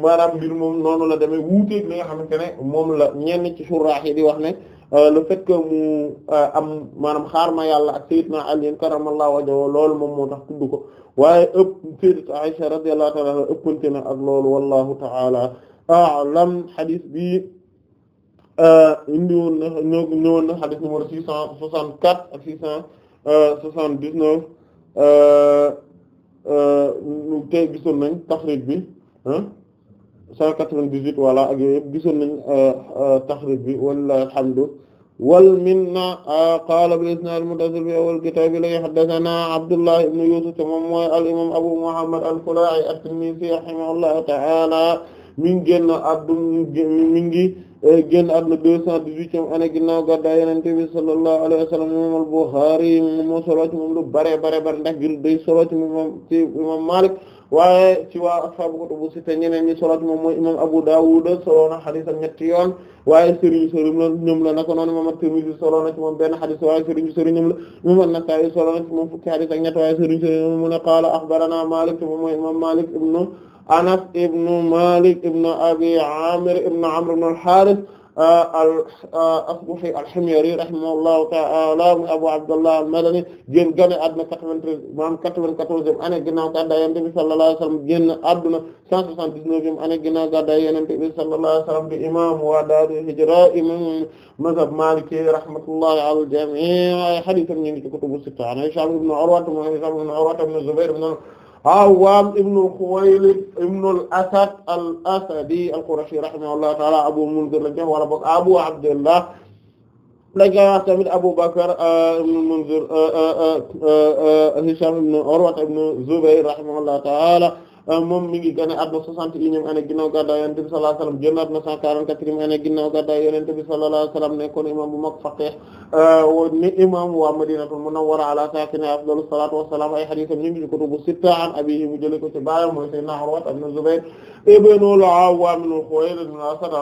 maanaam mbir moom noonu la demee wuuteeg li nga xamante ne moom la ñenn ci surraax yi di wax ne Euh, le fait que mu euh, am maanaam xaar ma yàlla ak sayyidna Ali karamallahu wajhahu loolu moom moo tax tudd ko waaye ëpp sayyidat Aisha radiyallahu ta'ala anha ëppante na ak loolu wallahu ta'ala a'lam xadis bi euh, indi woon na ñëwoon na xadis numéro six cent quatre ak six cent soixante-dix-neuf te gisoon nañ taxrij bi 198 voilà ak yooyu yëpp gisoon nañ euh, euh, taxrij bi walillahi alhamdu wal minna euh, qaala bil isnaad al muttasil bi awwal kitaab la haddathana Abdullah ibn Yusuf moom mooy al imam Abu Muhammad al-Khuzaa'i at-Tinnisi rahimahullahu ta'ala mi ngi génn àdduna mi ngi génn deux cent dix-huitième année ginnaaw gàddaay Yonent bi sallallahu alayhi wa sallam imam al-Bukhari moom solo ci lu bare bare bare ndax gir day solo ci ci imam Maalik waaye ci waa ashaabu kutubu sitta ñeneen ñi solo moom mooy imam Abu Dawud solo na xadis am ñetti yoon waaye sëriñ sëriñ la ñoom la naka noonu imam At-Tirmidhi solo na ci moom benn xadis waaye sëriñ sëriñ ñoom la imam An-Nasa'i solo na ci moom fukki xadis a ñett waaye sëriñ sëriñ mu ne qaala axbarana Maalik te moom mooy imam Maalik ibnu Anas ibnu Maalik ibnu Abi Aamir al Asbahi al-Himyari rahimahullahu ta'ala mu Abu Abdullah al-Madani génn gane àdduna 93 maanaam 94e année ginnaaw gàddaay Yonent bi sallallahu alayhi wa sallam génn àdduna 179e année ginnaaw gàddaay Yonent bi sallallahu alayhi wa sallam di imam wa daaru hijra imam mazhab Maliki rahmatullahi ala al-jami' ay hadiisam ñu ngi ci kutubu sitta an Hisham ibn Urwa ibn Zubayr Hawwaam ibn Khuwaylid ibn al-Asad al-Asadi al-Qurashi rahimahullahu ta'ala Abu Munzir lañ wala boog Abu Abdullah lañ koy wax tamit Abu Bakr euh, ibn Munzir euh, euh, Hisham ibn Urwa ibn Zubayr rahimahullahu ta'ala Euh, moom mi ngi gane àdduna soixante et unième année ginnaaw gàddaay yonent bi sallallahu alayhi wasallam génn àdduna cent quarante-quatrième année ginnaaw gàddaay yonent bi sallallahu alayhi wasallam nekkoon imam bu mag faqih euh, ni imam waa Madinatul Munawwara ala saakinihaa afdalu salaatu ay hadiisam ñu ngi ci sitta an abiihi mu jëlee ko ci baayam mooy sayyidina Urwa ibn Zubayr ibnul Awwaam ibn Khuwaylid ibn Asad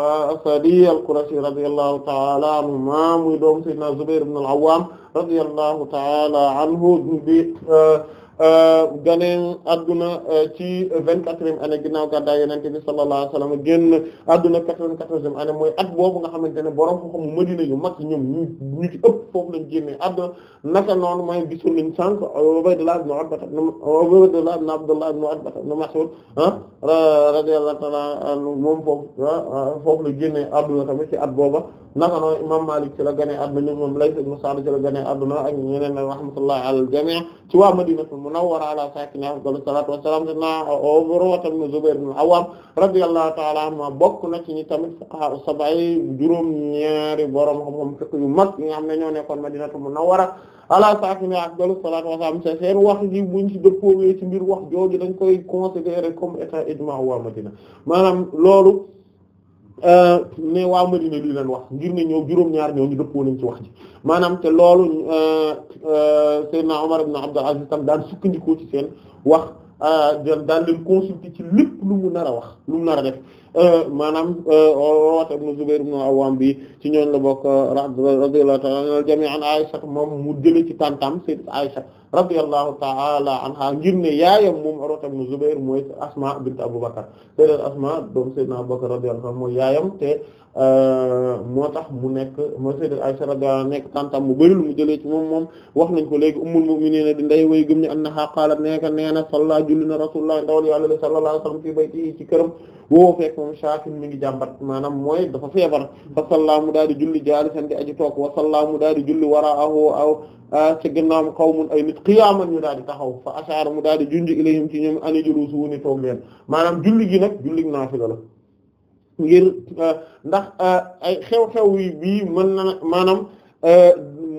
al muy doom sayyidina Zubayr ibn al-Awwaam radiyallahu ta'ala anhu euh, Euh, ganeem adduna euh, ci vingt-quatrième année ginnaaw gàddaay yonent bi sallallahu alayhi wa sallam génn adduna quatre-vingt-quatorzième année mooy at boobu nga xamante ne borom xam-xamu Madina yu mag ñoom ñu ñu ci ëpp foofu lañ génnee adduna naka noonu mooy gisul nañ sànq Ubaydullah ibn Utba Ubaydullah ibn Abdullah ibn Utba ibn Mas'ud ah radiyallahu ta'ala anhu moom foofu ah, foofu la génnee adduna tamit ci at booba naka noonu imam Malik ci la ganee adduna ñoom moom Layth ibn Sa'd ci la ganee adduna ak ñeneen rahmatullahi alal jami' ci waa Madina munawwara ala saakinihaa afdalu salaatu wa salaam sayyidinaa Urwata ibn Zubayr ibn Awwaam radiyallahu ta'ala anhumaa bokk na ci ñi tamit fuqahaa sab'i juróom-ñaari borom xam-xam fiqh yu mag ñi nga xam ne ñoo nekkoon Madinatu Munawwara ala saakinihaa afdalu salaatu wa salaam te seen wax ji buñ ci dëppoowee ci mbir wax jooju dañ koy considérer comme état ijmaa waa Madina maanaam loolu. Euh, ne waa Madina lii leen wax ngir ne ñëw juróom-ñaar ñoo ñu dëppoo nañ ci wax ji maanaam te loolu euh, euh, Seydina Omar ibn Abdul Aziz itam daan sukkandikoo ci seen wax daan leen consulter ci lépp lu mu nar a wax lu mu nar a def Euh, maanaam euh, Urwa ibn Zubayr ibn Awwam bi ci ñoon la bokk radiyallahu ta'ala anha jami'an Aisha moom mu jële ci tantam sayyidat Aisha radiyallahu ta'ala anha ngir ne yaayam moom Urwa ibn Zubayr mooy Asma bint Abu Bakr sayyidat Asma doom sayyidna Abu Bakr radiyallahu anhu mooy yaayam te euh, moo tax mu nekk moo sayyidat Aisha radiyallahu anha nekk tantam mu bari lu mu jëlee ci moom moom wax nañ ko léegi ummul mu'minin di nday way gëm ni annaha qalat neeka nee na salla julli na yàlla sallallahu alayhi wasallam ci këram woo fekk moom shaakin mi ngi jàmbat maanaam mooy dafa feebar fa mu daal di julli jaalisan di aji toog wa mu daal di julli waraahu aw ci ginnaawam mun ay nit qiyaaman ñu daal di taxaw fa ashaara mu daal di junj ilayhim ci ñoom ani julusu wu ni toog leen maanaam julli gi nag julli naafila la ngir ndax ay xew-xew yi bi mën na maanaam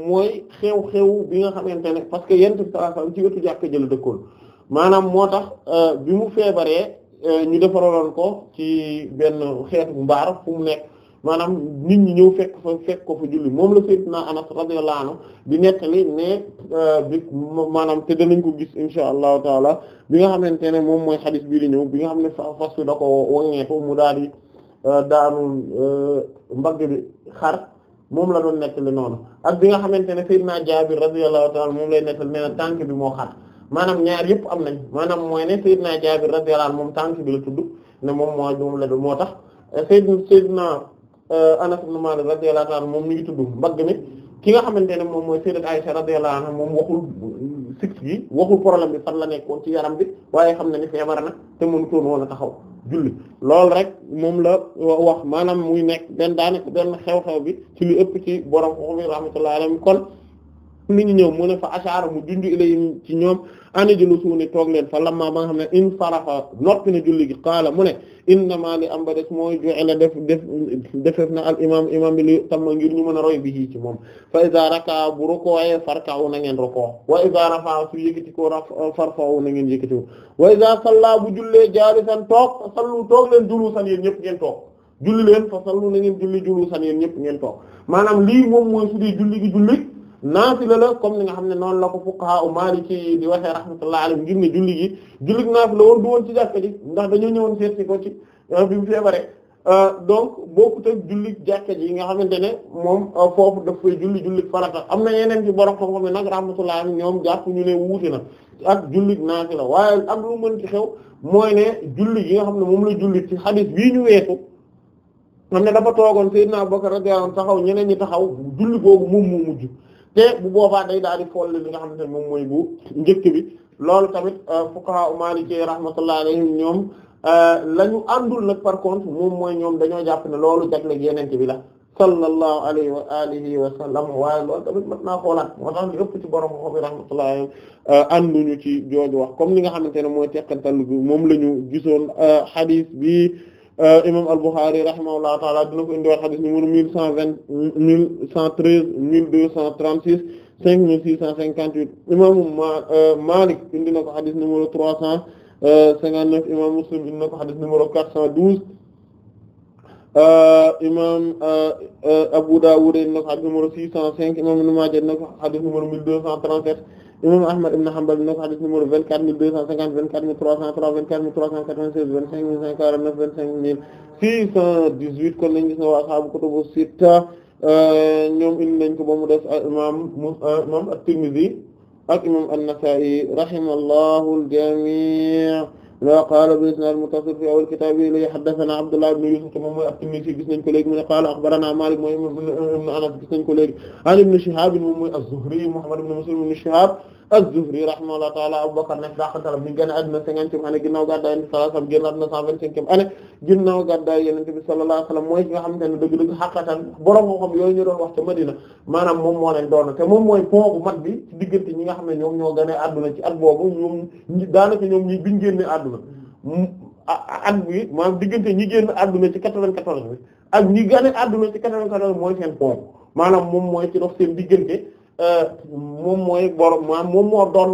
mooy xew-xew bi nga xamante ne parce que yent bi sallallahu alayhi ci wetu jàkk jël dëkkoon maanaam moo tax bi mu feebaree Euh, ñu defaroon ko ci benn xeetu mbaar fu mu nekk maanaam nit ñi ñëw fekk fa fekk ko fa julli moom la sayyidina Anas radiyallahu anhu di nettali ne euh, bi maanaam te danañ ko gis insha allahu taala bi nga xamante ne moom mooy xadis bii di ñëw bi nga xam ne fas wi da ko waŋeetu mu daal di euh, daanu mbagg bi xar moom la doon nettali noonu ak bi nga xamante ne sayyidina Jaabir radiyallahu taala moom lay nettali nee na tànk bi moo xar maanaam ñaar yëpp am nañ maanaam mooy ne naa Jaabir radiyallahu anhu moom tànk bi la tudd ne moom moo moom la moo tax Seydina Seydina euh, Anas ibn Maalik radiyallahu anhu moom mi ngi tudd mbagg mi ki nga xamante ne moom mooy Seydina Aysa radiyallahu anha moom waxul six yi waxul problème bi fan la nekkoon ci yaram bi waaye xam na ni feebar na te mënu toon woon a taxaw julli loolu rek moom la wax maanaam muy nekk benn daanaka benn xew-xew bi ci lu ëpp ci borom xoxu bi mu ne fa ashaara mu junj ilayhim ci ñoom ani julu suuni toog leen fa lamma ba nga xam ne in sarafa noppi na julli gi qaala mu ne innama li am ba mooy ju'ila def def na al imam imam bi li tamma ngir ñu mën a roy bi ci moom fa iza raka bu rokooye farka'u na ngeen rokoo wa iza rafa su yëkkati ko farfa'u na ngeen yëkkati ko wa iza salla bu jullee jaalisan toog sallu toog leen julusan yéen ñëpp ngeen toog julli leen fa sallu na ngeen julli julusan yéen ñëpp ngeen toog maanaam lii naafila la comme ni nga xam ne noonu la ko fuqaha u maliki yi di waxee rahmatullahi alayhi ngir ne julli gi julli naafila woon du ji ndax dañoo ñëwoon seet ko ci euh, bi mu feebaree euh, donc bokkut ak julli jàkka ji yi nga xamante ne moom euh, foofu daf koy julli am na yeneen ci borom xam-xam nag rahmatullahi alayhi ñoom jàpp ñu ne na ak julli naafila waaye ak lu mën ci xew mooy ne julli gi nga xam ne moom la julli ci xadis bii ñu weesu xam ne dafa toogoon naa Abubakar radiyallahu anhu taxaw ñeneen ñi taxaw julli googu moom moo mujj te bu boobaa day daal di li nga xamante ne moom mooy bu njëkk bi loolu tamit euh, fuqaha maliki rahmatullahi alayhim ñoom euh, la ñu àndul nag par contre moom mooy ñoom dañoo jàpp ne loolu jagleel yenente bi la sallallahu alayhi wa alihi wa sallam waaye loolu tamit mat naa xoolaat moo tax ñu ëpp ci borom xobi rahmatullahi alayhim euh, ñu ci jooju wax comme li nga xamante ne mooy teqantal bi moom la ñu gisoon hadith bi Euh, imam al-Bukhari rahimahullahu taala dina ko indiwaat xadis numéro mille cent vingt mille cent treize mille deux cent trente six cinq mille six cent cinquante huit imaamu euh, Malik indi na ko xadis numéro trois cent euh, cinquante neuf imam Muslim indi na ko xadis numéro quatre cent douze imam Abu Dawud indi na ko xadis numéro six cent cinq imam Ibn ko xadis numéro mille deux cent trente sept imam Ahmad ibn Hanbal dina ko xadis numéro vingt quatre mille deux cent cinquante vingt quatre mille trois cent trois vingt quatre mille trois cent quatre-vingt-seize vingt cinq mille cinq quarante neuf vingt cinq mille six cent dix-huit kon lañu gis kutubu sitta euh, ñoom indi nañ ko ba imam euh, imam at ak imam an-Nasa'i rahimallahu al-jami' wa qaala bi isnaad muttasil fi awwal kitaab yi lay haddathana Abdullah ibn Yusuf te moom mooy at-Tinnisi gis nañ ko léegi mu ne qaala akhbarana Maalik mooy ibn Anas gis nañ ko léegi an ibn Shihaab moom mooy az-Zuhri Muhammad ibn Muslim ibn Shihaab az-Zuhri rahimahullahu ta'ala Abu Bakr nekk daqantalam ni génn mooy nga xamante ne dëgg-dëgg xaqatan borom moo xam yooyu ñu doon wax ca Madina moo leen doon te moom ne ñoom ñoo gënee àdduna ci at boobu ñoom daanaka ñoom ñi biñ génnee àdduna at bi bi ak ñi gënee maanaam moom mooy ci dox seen diggante moom mooy borom maanaam moom moo doon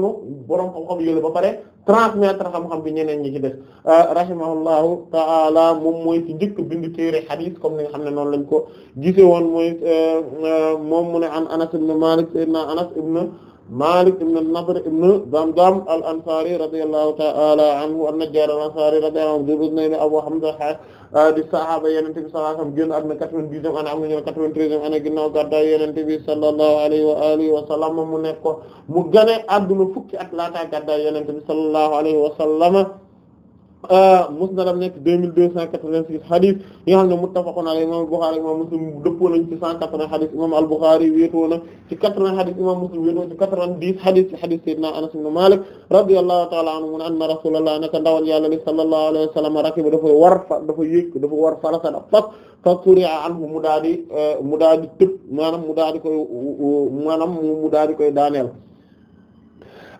borom xam-xam yooyu ba pare transmettre xam-xam bi ñeneen ñi ci def euh, rahimahullahu ta'ala moom mooy ci njëkk bind téere xadiis comme ni nga xam ne noonu lañ ko gisee woon mooy euh, euh, moom mu ne an Anas ibn Malik sayyidina Anas ibn Malik ibn Nadr ibn Damdam al-Ansari radiyallahu ta'ala anhu an-Najjar al-Ansari radiyallahu anhu Abu Hamza Ah, di sahaaba yenente bi sallallahu alayhi wasallam génn àdduna quatre-vingt-dixième année am na ñu ne quatre-vingt-treizième année alayhi wa alihi wa sallam mu nekk ko mu gane àdduna fukki at laata gàddaay yenente bi sallallahu alayhi wa sallam musnadam nekk deux mille deux cent quatre-vingt-six xadis yi nga xam ne muttafaqun alayhi imam al-Bukhari imam Muslim dëppoo nañ ci cent quatre-vingts xadis imam al-Bukhari na ci quatre-vingts xadis imam Muslim wéetoo ci quatre-vingt-dix xadis ci xadis Seydina Anas ibn Malik radiyallahu ta'ala anhu anna rasulullah naka ndawal yàlla li sallallahu alayhi wa rakiba dafa war fa dafa yéeg dafa war farasada fas fa kuri'a anhu mu di euh, mu daa di tëb maanaam mu daa di koy maanaam mu di koy daaneel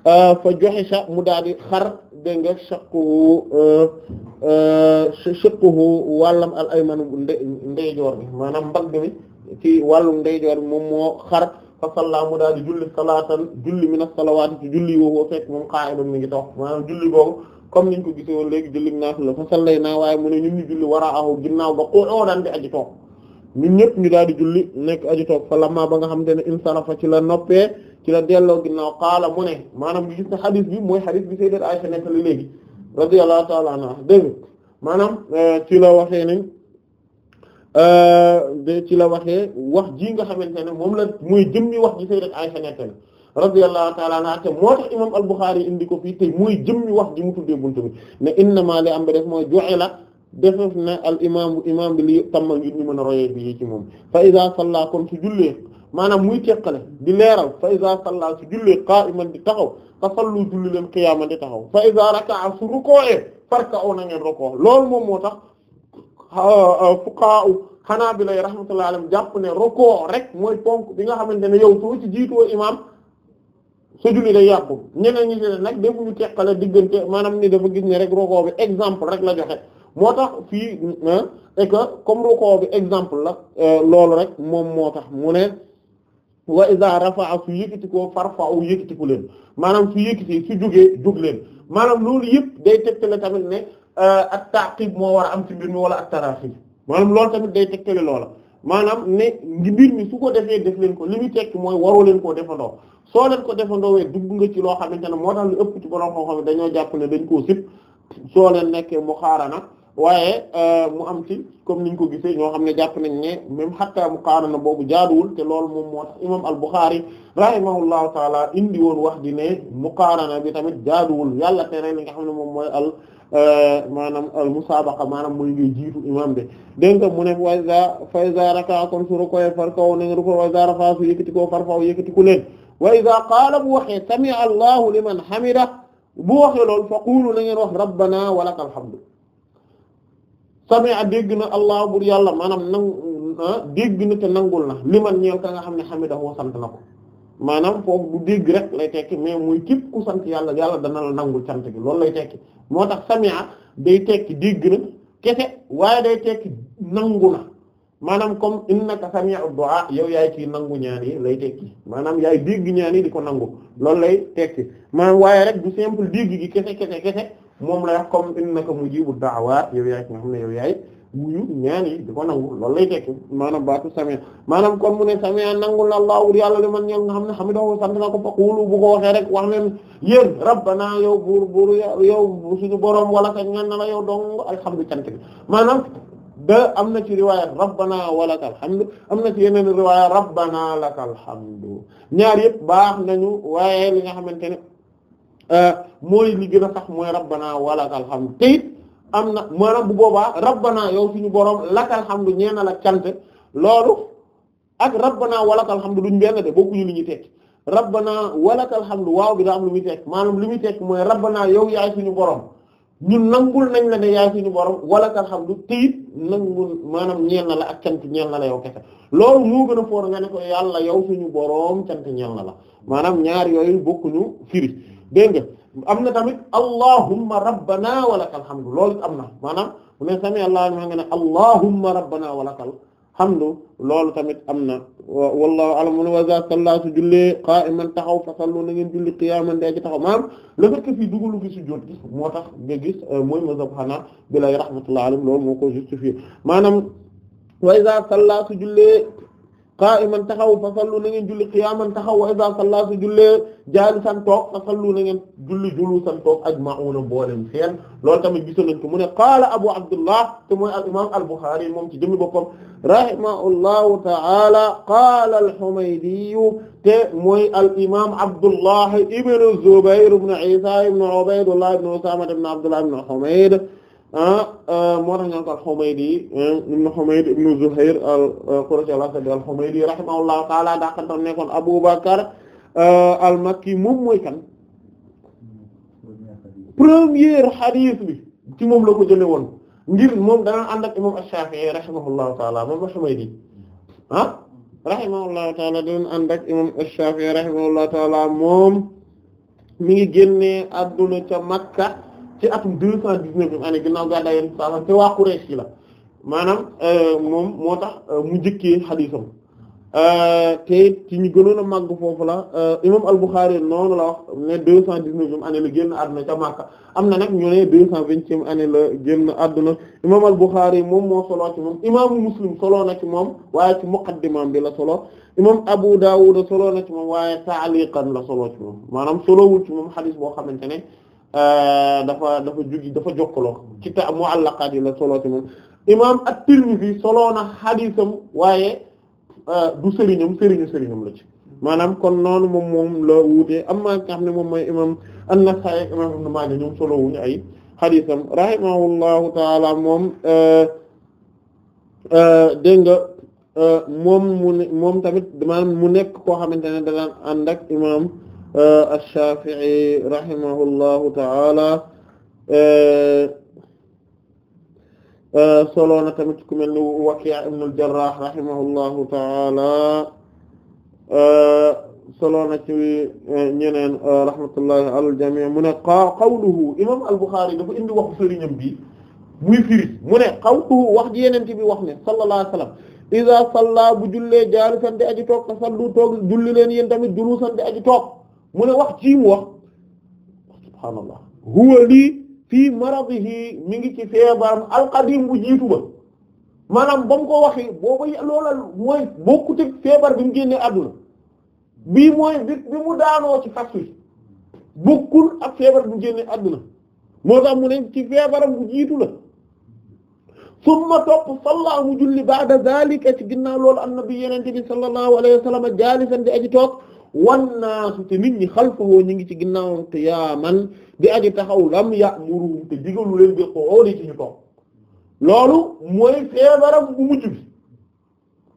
Euh, fa juhisha mu daal xar dégg nga shaqquhu euh, euh, shaqquhu wàllam al ayman ndeyjoor bi maanaam mbagg mi ci wàllum ndeyjoor bi moom moo xar fa salla mu daal di julli salaatan julli min a salawaat ci julli woowu fekk moom qaa'idun mi ngi toog maanaam julli boobu comme niñ ko gisee woon léegi julli naafila fa sallayna waaye mu ne ñun ñu julli wara'ahu ginnaaw ba qu'udan di aji toog ñun ñëpp ñu daal di julli nekk aju toog fa lamma ba nga xamante ne insarafa ci la noppee ci la delloo ginnaaw xaala mu ne maanaam ngi gis ne xadis bi mooy xadis bi sayyidat Aisha nekk li léegi radiyallahu ta'ala anha dégg maanaam euh, ci la waxee ne euh, de ci la waxee wax ji nga xamante ne moom la mooy jëmmi wax ji sayyidat Aisha nekk la radiyallahu ta'ala anha te moo tax imam al-Bukhari indi ko fii te mooy jëmmi wax ji mu tuddee buntu bi ne innamaa am ba def mooy joxe la defef na al imam imam bi li tammal ngir mën a royee bi ci moom fa iza salla kon su jullee maanaam muy teqale di leeral fa iza salla su jullee qa'iman di taxaw fa sallu julli leen qiyaama di taxaw fa iza raka'a su rukoowee farka'u na ngeen rukoo loolu moom moo tax fuqaha hanabila rahmatullahi alayhim jàpp ne rukoo rek mooy ponk bi nga xamante ne yow soo ci jiitoo imam sa julli day yàqu ñeneen ñi ne nag defuñu teqale diggante maanaam ni dafa gis ne rek rukoo bi exemple moo tax fii et que comme rukoo bi exemple la euh, loolu rek moom moo tax mu ne waa wa iza rafa'a su yëkkati ko farfa'u yëkkati ko leen maanaam su yëkkati su jógee jóg leen maanaam loolu yëpp day tegtale tamit ne euh, ak taqib moo war a am ci mbir mi wala ak taraqib maanaam loolu tamit day tegtale loola maanaam ne mbir mi su ko defee def leen ko li muy tekki mooy waroo leen koo defandoo soo leen ko we dugg nga ci loo xamante ne moo tax lu ëpp ci borom xam-xam dañoo jàpp ne dañ koo sip soo leen nekkee mu xaarana waaye euh, mu am ci comme niñ ko gisee ñoo xam ne jàpp nañ ne même xatta muqaarana boobu jaaduwul te loolu moom moo tax imam al-Bukhari rahimahullahu taala indi woon wax di ne muqaarana bi tamit jaaduwul yàlla tere li nga xam ne moom mooy al euh, maanaam al musaabaqa maanaam mooy ngay jiitu imam bi dégg nga mu ne waysa faysa raka kon su rukoye far kaw na nga ruko waysa rafa su yëkkati koo far faw ku leen wa ida qaala bu waxee sami allahu liman hamida bu waxee loolu fa qulu na ngeen wax rabbana wa lakal hamdu sami'a dégg na allah bur yàlla maanaam nang ah, dégg na te nangul na li man ñeel ka nga xam ne xam hamidahu sant na ko maanaam foofu bu dégg rek lay tekki mais muy képp ku sant yàlla yàlla dana la nangul sant gi loolu lay tekki moo tax sami'a day tekki dégg kese waaye day tekki nangu na maanaam comme innaka sami'u du'a yow yaay ci nangu ñaan yi lay tekki maanaam yaay dégg ñaan yi di ko nangu loolu lay tekki maanaam waaye rek du simple dégg gi kese kese kese moom la wax comme innaka mujibu da'awaat yow yaay ki nga xam ne yow yaay wuyu ñaan yi di ko nangu loolu lay tekki baatu samia maanaam kon mu ne samia nangu la laa wut yàlla li man ñeel nga xam ne xam ne sant na ko faqulu bu ko waxee rek wax leen yéen rabbana yow buur buur yow suñu boroom wala ka ñaan na la yow dong alhamdulilah cant bi maanaam da am na ci riwaaya rabbana walaka alhamdu am na ci yeneen riwaaya rabbana laka alhamdu ñaar yëpp baax nañu waaye li nga xamante ne Euh, mooy li gën a sax mooy rabbana walakal hamdu te it am na maanaam bu boobaa rabbana yow suñu boroom lakal hamdu ñeena la cant loolu ak rabbana walakal hamdu duñ benn de bokkuñu li ñuy tekki rabbana walakal hamdu waaw bi daa am lu muy tekki maanaam li muy tekki mooy rabbana yow yaay suñu boroom ñun nangul nañ na ne yaay suñu borom walakal hamdu te it nangul maanaam ñeel la ak cant ñeel na la yow kese loolu moo gën a yàlla yow suñu borom cant ñeel na la maanaam ñaar yooyu bokkuñu firi dégg am na tamit allahumma rabbana walakal hamdu loolu am na maanaam bu ne sami allah ma nga ne allahumma rabbana walakal hamdu loolu tamit am na wallahu alam mu ne wasa salla su jullee qa'iman taxaw fa sallu na ngeen julli qiyaman dee ci taxaw maanaam le fait que fii dugalu fi sujjóot gi moo tax nga gis euh, mooy mazhab xanaa bilay rahmatullah alayhi loolu moo ko justifié maanaam wa iza salla su qa'iman taxaw fa sallu na ngeen julli qiyaman taxaw wa idha salla su jullee jaalisan toog fa sallu na ngeen julli julusan toog ajma'una mboolem seen loolu tamit gis nañ ko mu ne qaala abu abdullah te mooy al imam al bukhari moom ci jëmmi boppam rahimahullahu ta'ala qaala al humaydi te mooy al imam abdullah ibn zubayr ibn isa ibn ubaydullah ibn usama ibn abdullah ibn humayd Ah, ah, moo tax ñu ko al-Humaydi ah, ibn Humayd ibn Zuhair al-Qurashi al-Asadi al-Humaydi rahimahullahu ta'ala daa xam ne nekkoon Abu Bakr al-Makki moom mooy kan premier hadith bi ci moom la ko jële woon ngir moom dana ànd imam al-Humaydi ah rahimahullahu ta'ala dana moom mi ngi génnee adduna ca Makka ci atum deux cent dix-neuvième année ginnaaw gàddaay yonent sallallahu alayhi wasallam te waa Quraysh yi la maanaam euh, moom moo tax euh, mu jëkkee xadiisam euh, te ci ñu gënoon a màgg foofu la imam al-Bukhari noonu la wax ne deux cent dix-neuvième la génn àdduna ca Makka am na nag ñu ne deux la génn àdduna imam al-Bukhari moom moo solo ci moom imaamu Muslim solo na ci moom waaye ci muqaddimaam bi la solo imam Abu Dawud solo na ci moom waaye taaliqan la solo ci moom maanaam solowul ci moom xadis boo xamante ne Euh, dafa dafa jugi dafa jokkaloo ci ta muallaqaat yi la soloo ci moom imam at-Tirmidhi soloo na xadiisam waaye euh, du sëriñam sëriñu sëriñam la ci maanaam kon noonu moom moom la wuutee amma nga moom mooy imam an-Nasa'i imam Ibn Maaja solo wuñu ay xadiisam rahimahullahu taala moom euh, dégg nga moom mu moom tamit maanaam mu nekk koo xamante ne da daan Euh, ash-Shafi'i rahimahullahu ta'ala euh, euh, solo na tamit ku mel ni Waki' ibn al-Jarrah rahimahullahu ta'ala solo na ci ñeneen rahmatullahi ala al-jami' mu ne qawluhu imam al-Bukhari dafa indi waxu sëriñam bi muy firi mu ne qawluhu wax ji yeneen bi wax ne sallallahu alayhi wa sallam iza salla bu jullee jaalisan di aji toog te sallu toog julli leen yéen tamit julusan di aji toog mu wax jii wax subhaanallah huwa lii fii maradihi mi ngi ci feebaram alqadim bu jiitu ba maanaam ba mu ko waxee booba loola mooy bokkut ak feebar bi mu génnee àdduna bii mooy bi bi mu daanoo ci fas wi bokkul ak feebar bi mu génnee àdduna moo tax mu ne ci feebaram bu jiitu la summa topp salla mu julli ba'da zalika ci ginnaaw loolu annabi yenente bi sallallahu alayhi wa sallam jaalisan di aji toog wan naasu te nit ñi xal xalfawoo ñu ngi ci te ginnaawam qiyaaman di aji taxaw lam ya'muruhum te digalu leen bi qu'udi ci ñu toog loolu mooy feebaram bu mujj bi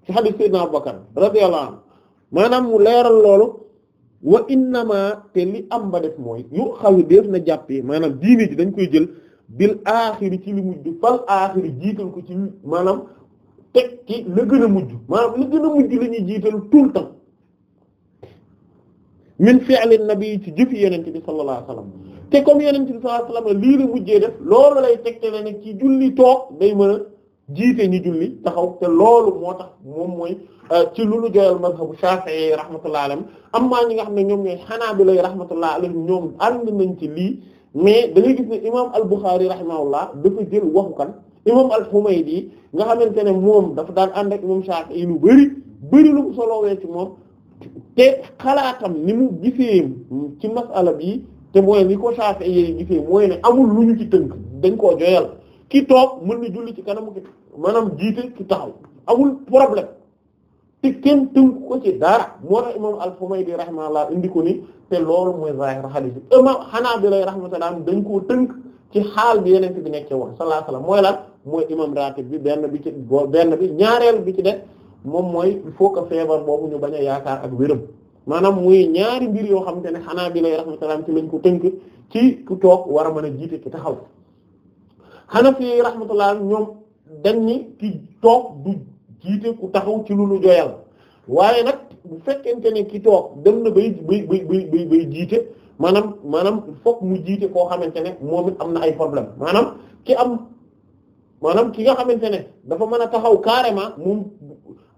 ci hadith sayyidina Abubakar radiyallahu maanaam mu leeral loolu wa innama te li am ba def mooy yu xaw def na jàppee maanaam diine ji dañ koy jël bil aaxiri ci li mujj fal aaxiri jiital ko ci maanaam teg ci la gën a mujj maanaam la gën a mujj la ñuy jiital tout le temps min fi'li nabi ci jëfi yenente bi sallallahu alayhi wasallam te comme yenente bi sallallahu alayhi wasallam lii la mujjee def loolu lay tegtale ne ci julli toog day mën a jiite ñu julli taxaw te loolu moo tax moom mooy euh, ci lu lu joyal mazhabu Shafi'i rahmatullahi alayhim amma ñi nga xam ne ñoom xanaa ñooy Hanabila rahmatullahi alayhim ñoom ànd nañ ci lii mais da ngay gis ne imam al-Bukhari rahimahullah dafa jël waxu kan imam al-Humaydi nga xamante ne moom dafa daan ànd ak imam Shafi'i lu bari bari lu mu soloowee moom te xalaatam ni mu gisee ci masala bi te mooy ni ko saafe yooyu gisee mooy ne amul lu ñu ci tëng dañ koo joyal ki toog mën na julli ci kanamu ki maanaam jiite ki taxaw amul problème te kenn tënk ko ci dara moo tax imam al-Humaydi rahimahullah indi ko ni te loolu mooy zahir hadith imam Hanabila rahmatullah dañ koo tënk ci xaal bi yeneen bi nekkee woon sallallahu alayhi wasallam mooy lan mooy imam ratib bi benn bi ci benn bi ñaareel bi ci def moom mooy il faut que feebar boobu ñu bañ a yaakaar ak wéram maanaam muy ñaari mbir yoo xamante ne xanaa bi lay rahmatullah ci lañ ko tënk ci ku toog war a mën a jiite ki taxaw Hanafi yi rahmatullah ñoom dañ ni ki toog du jiite ku taxaw ci lu lu joyal nag bu fekkente ne ki toog dem na bay bay bay bay jiite maanaam maanaam fokk mu jiite koo xamante ne moom it am na ay problème maanaam ki am maanaam ki nga xamante ne dafa mën a taxaw carrément moom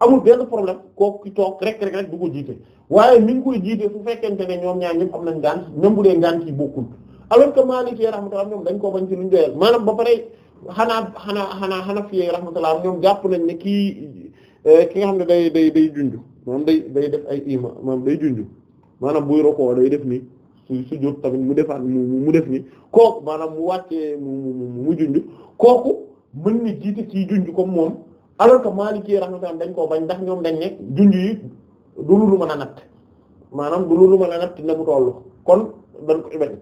amul benn problème kooku ci toog rek rek rek du ko jiite waaye mi ngi koy jiite su fekkente ne ñoom ñaa ñëpp am nañ ngànt même bu dee ngànt yi bokkul alors que Maliki rahmatullah ñoom dañ koo bañ ci luñ doyal maanaam ba pare xanaa xanaa xanaa Hanafi rahmatullah ñoom jàpp nañ ne kii eh, ki nga xam ne day day day junj moom day day def ay ima moom day junj maanaam buy rokoo day def nii su su jot tamit mu defaat mu mu def nii kooku maanaam mu wàccee mu mu mu junj kooku mën na jiite kii junj comme moom. alors que Maliki rahmatullah dañ koo bañ ndax ñoom dañ ne junj yi du lu mën a natt maanaam du lu mën a natt dina mu tollu kon dañ ko bañ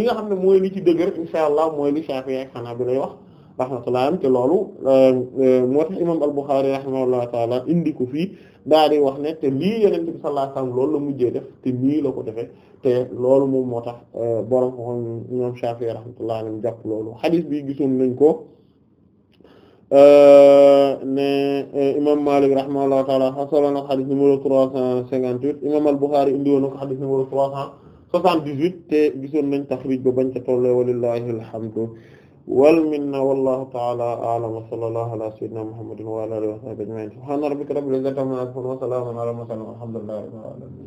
nga xam ne mooy li ci dëgër insha allah mooy li Shafi'i ak Hanbali lay wax rahmatullah te loolu euh, moo tax imam al-Bukhari rahimahullah taala indi ko fii daal di wax ne te lii Yonent loolu la mujjee def te nii la ko defee te loolu moom moo tax euh, borom ko ñoom Shafi'i rahmatullah alayhi jàpp loolu hadith bi gisoon nañ ko. Euh, ne euh, imam Malik rahimahullahu ta'ala solo na ko xadis numéro trois cent cinquante-huit imam al-Bukhari indi woon na ko xadis numéro trois cent soixante-dix-huit te gisoon nañ taxrij ba bañ ca tolle walillahi alhamdu wal minna wallahu ta'ala a'lam wa sallallahu ala sayyidina Muhammadin wa ala alihi wa sahbihi ajma'in subhana rabbika rabbil izzati amma yasifun wa salamun ala mursalin walhamdulillahi rabbil alamin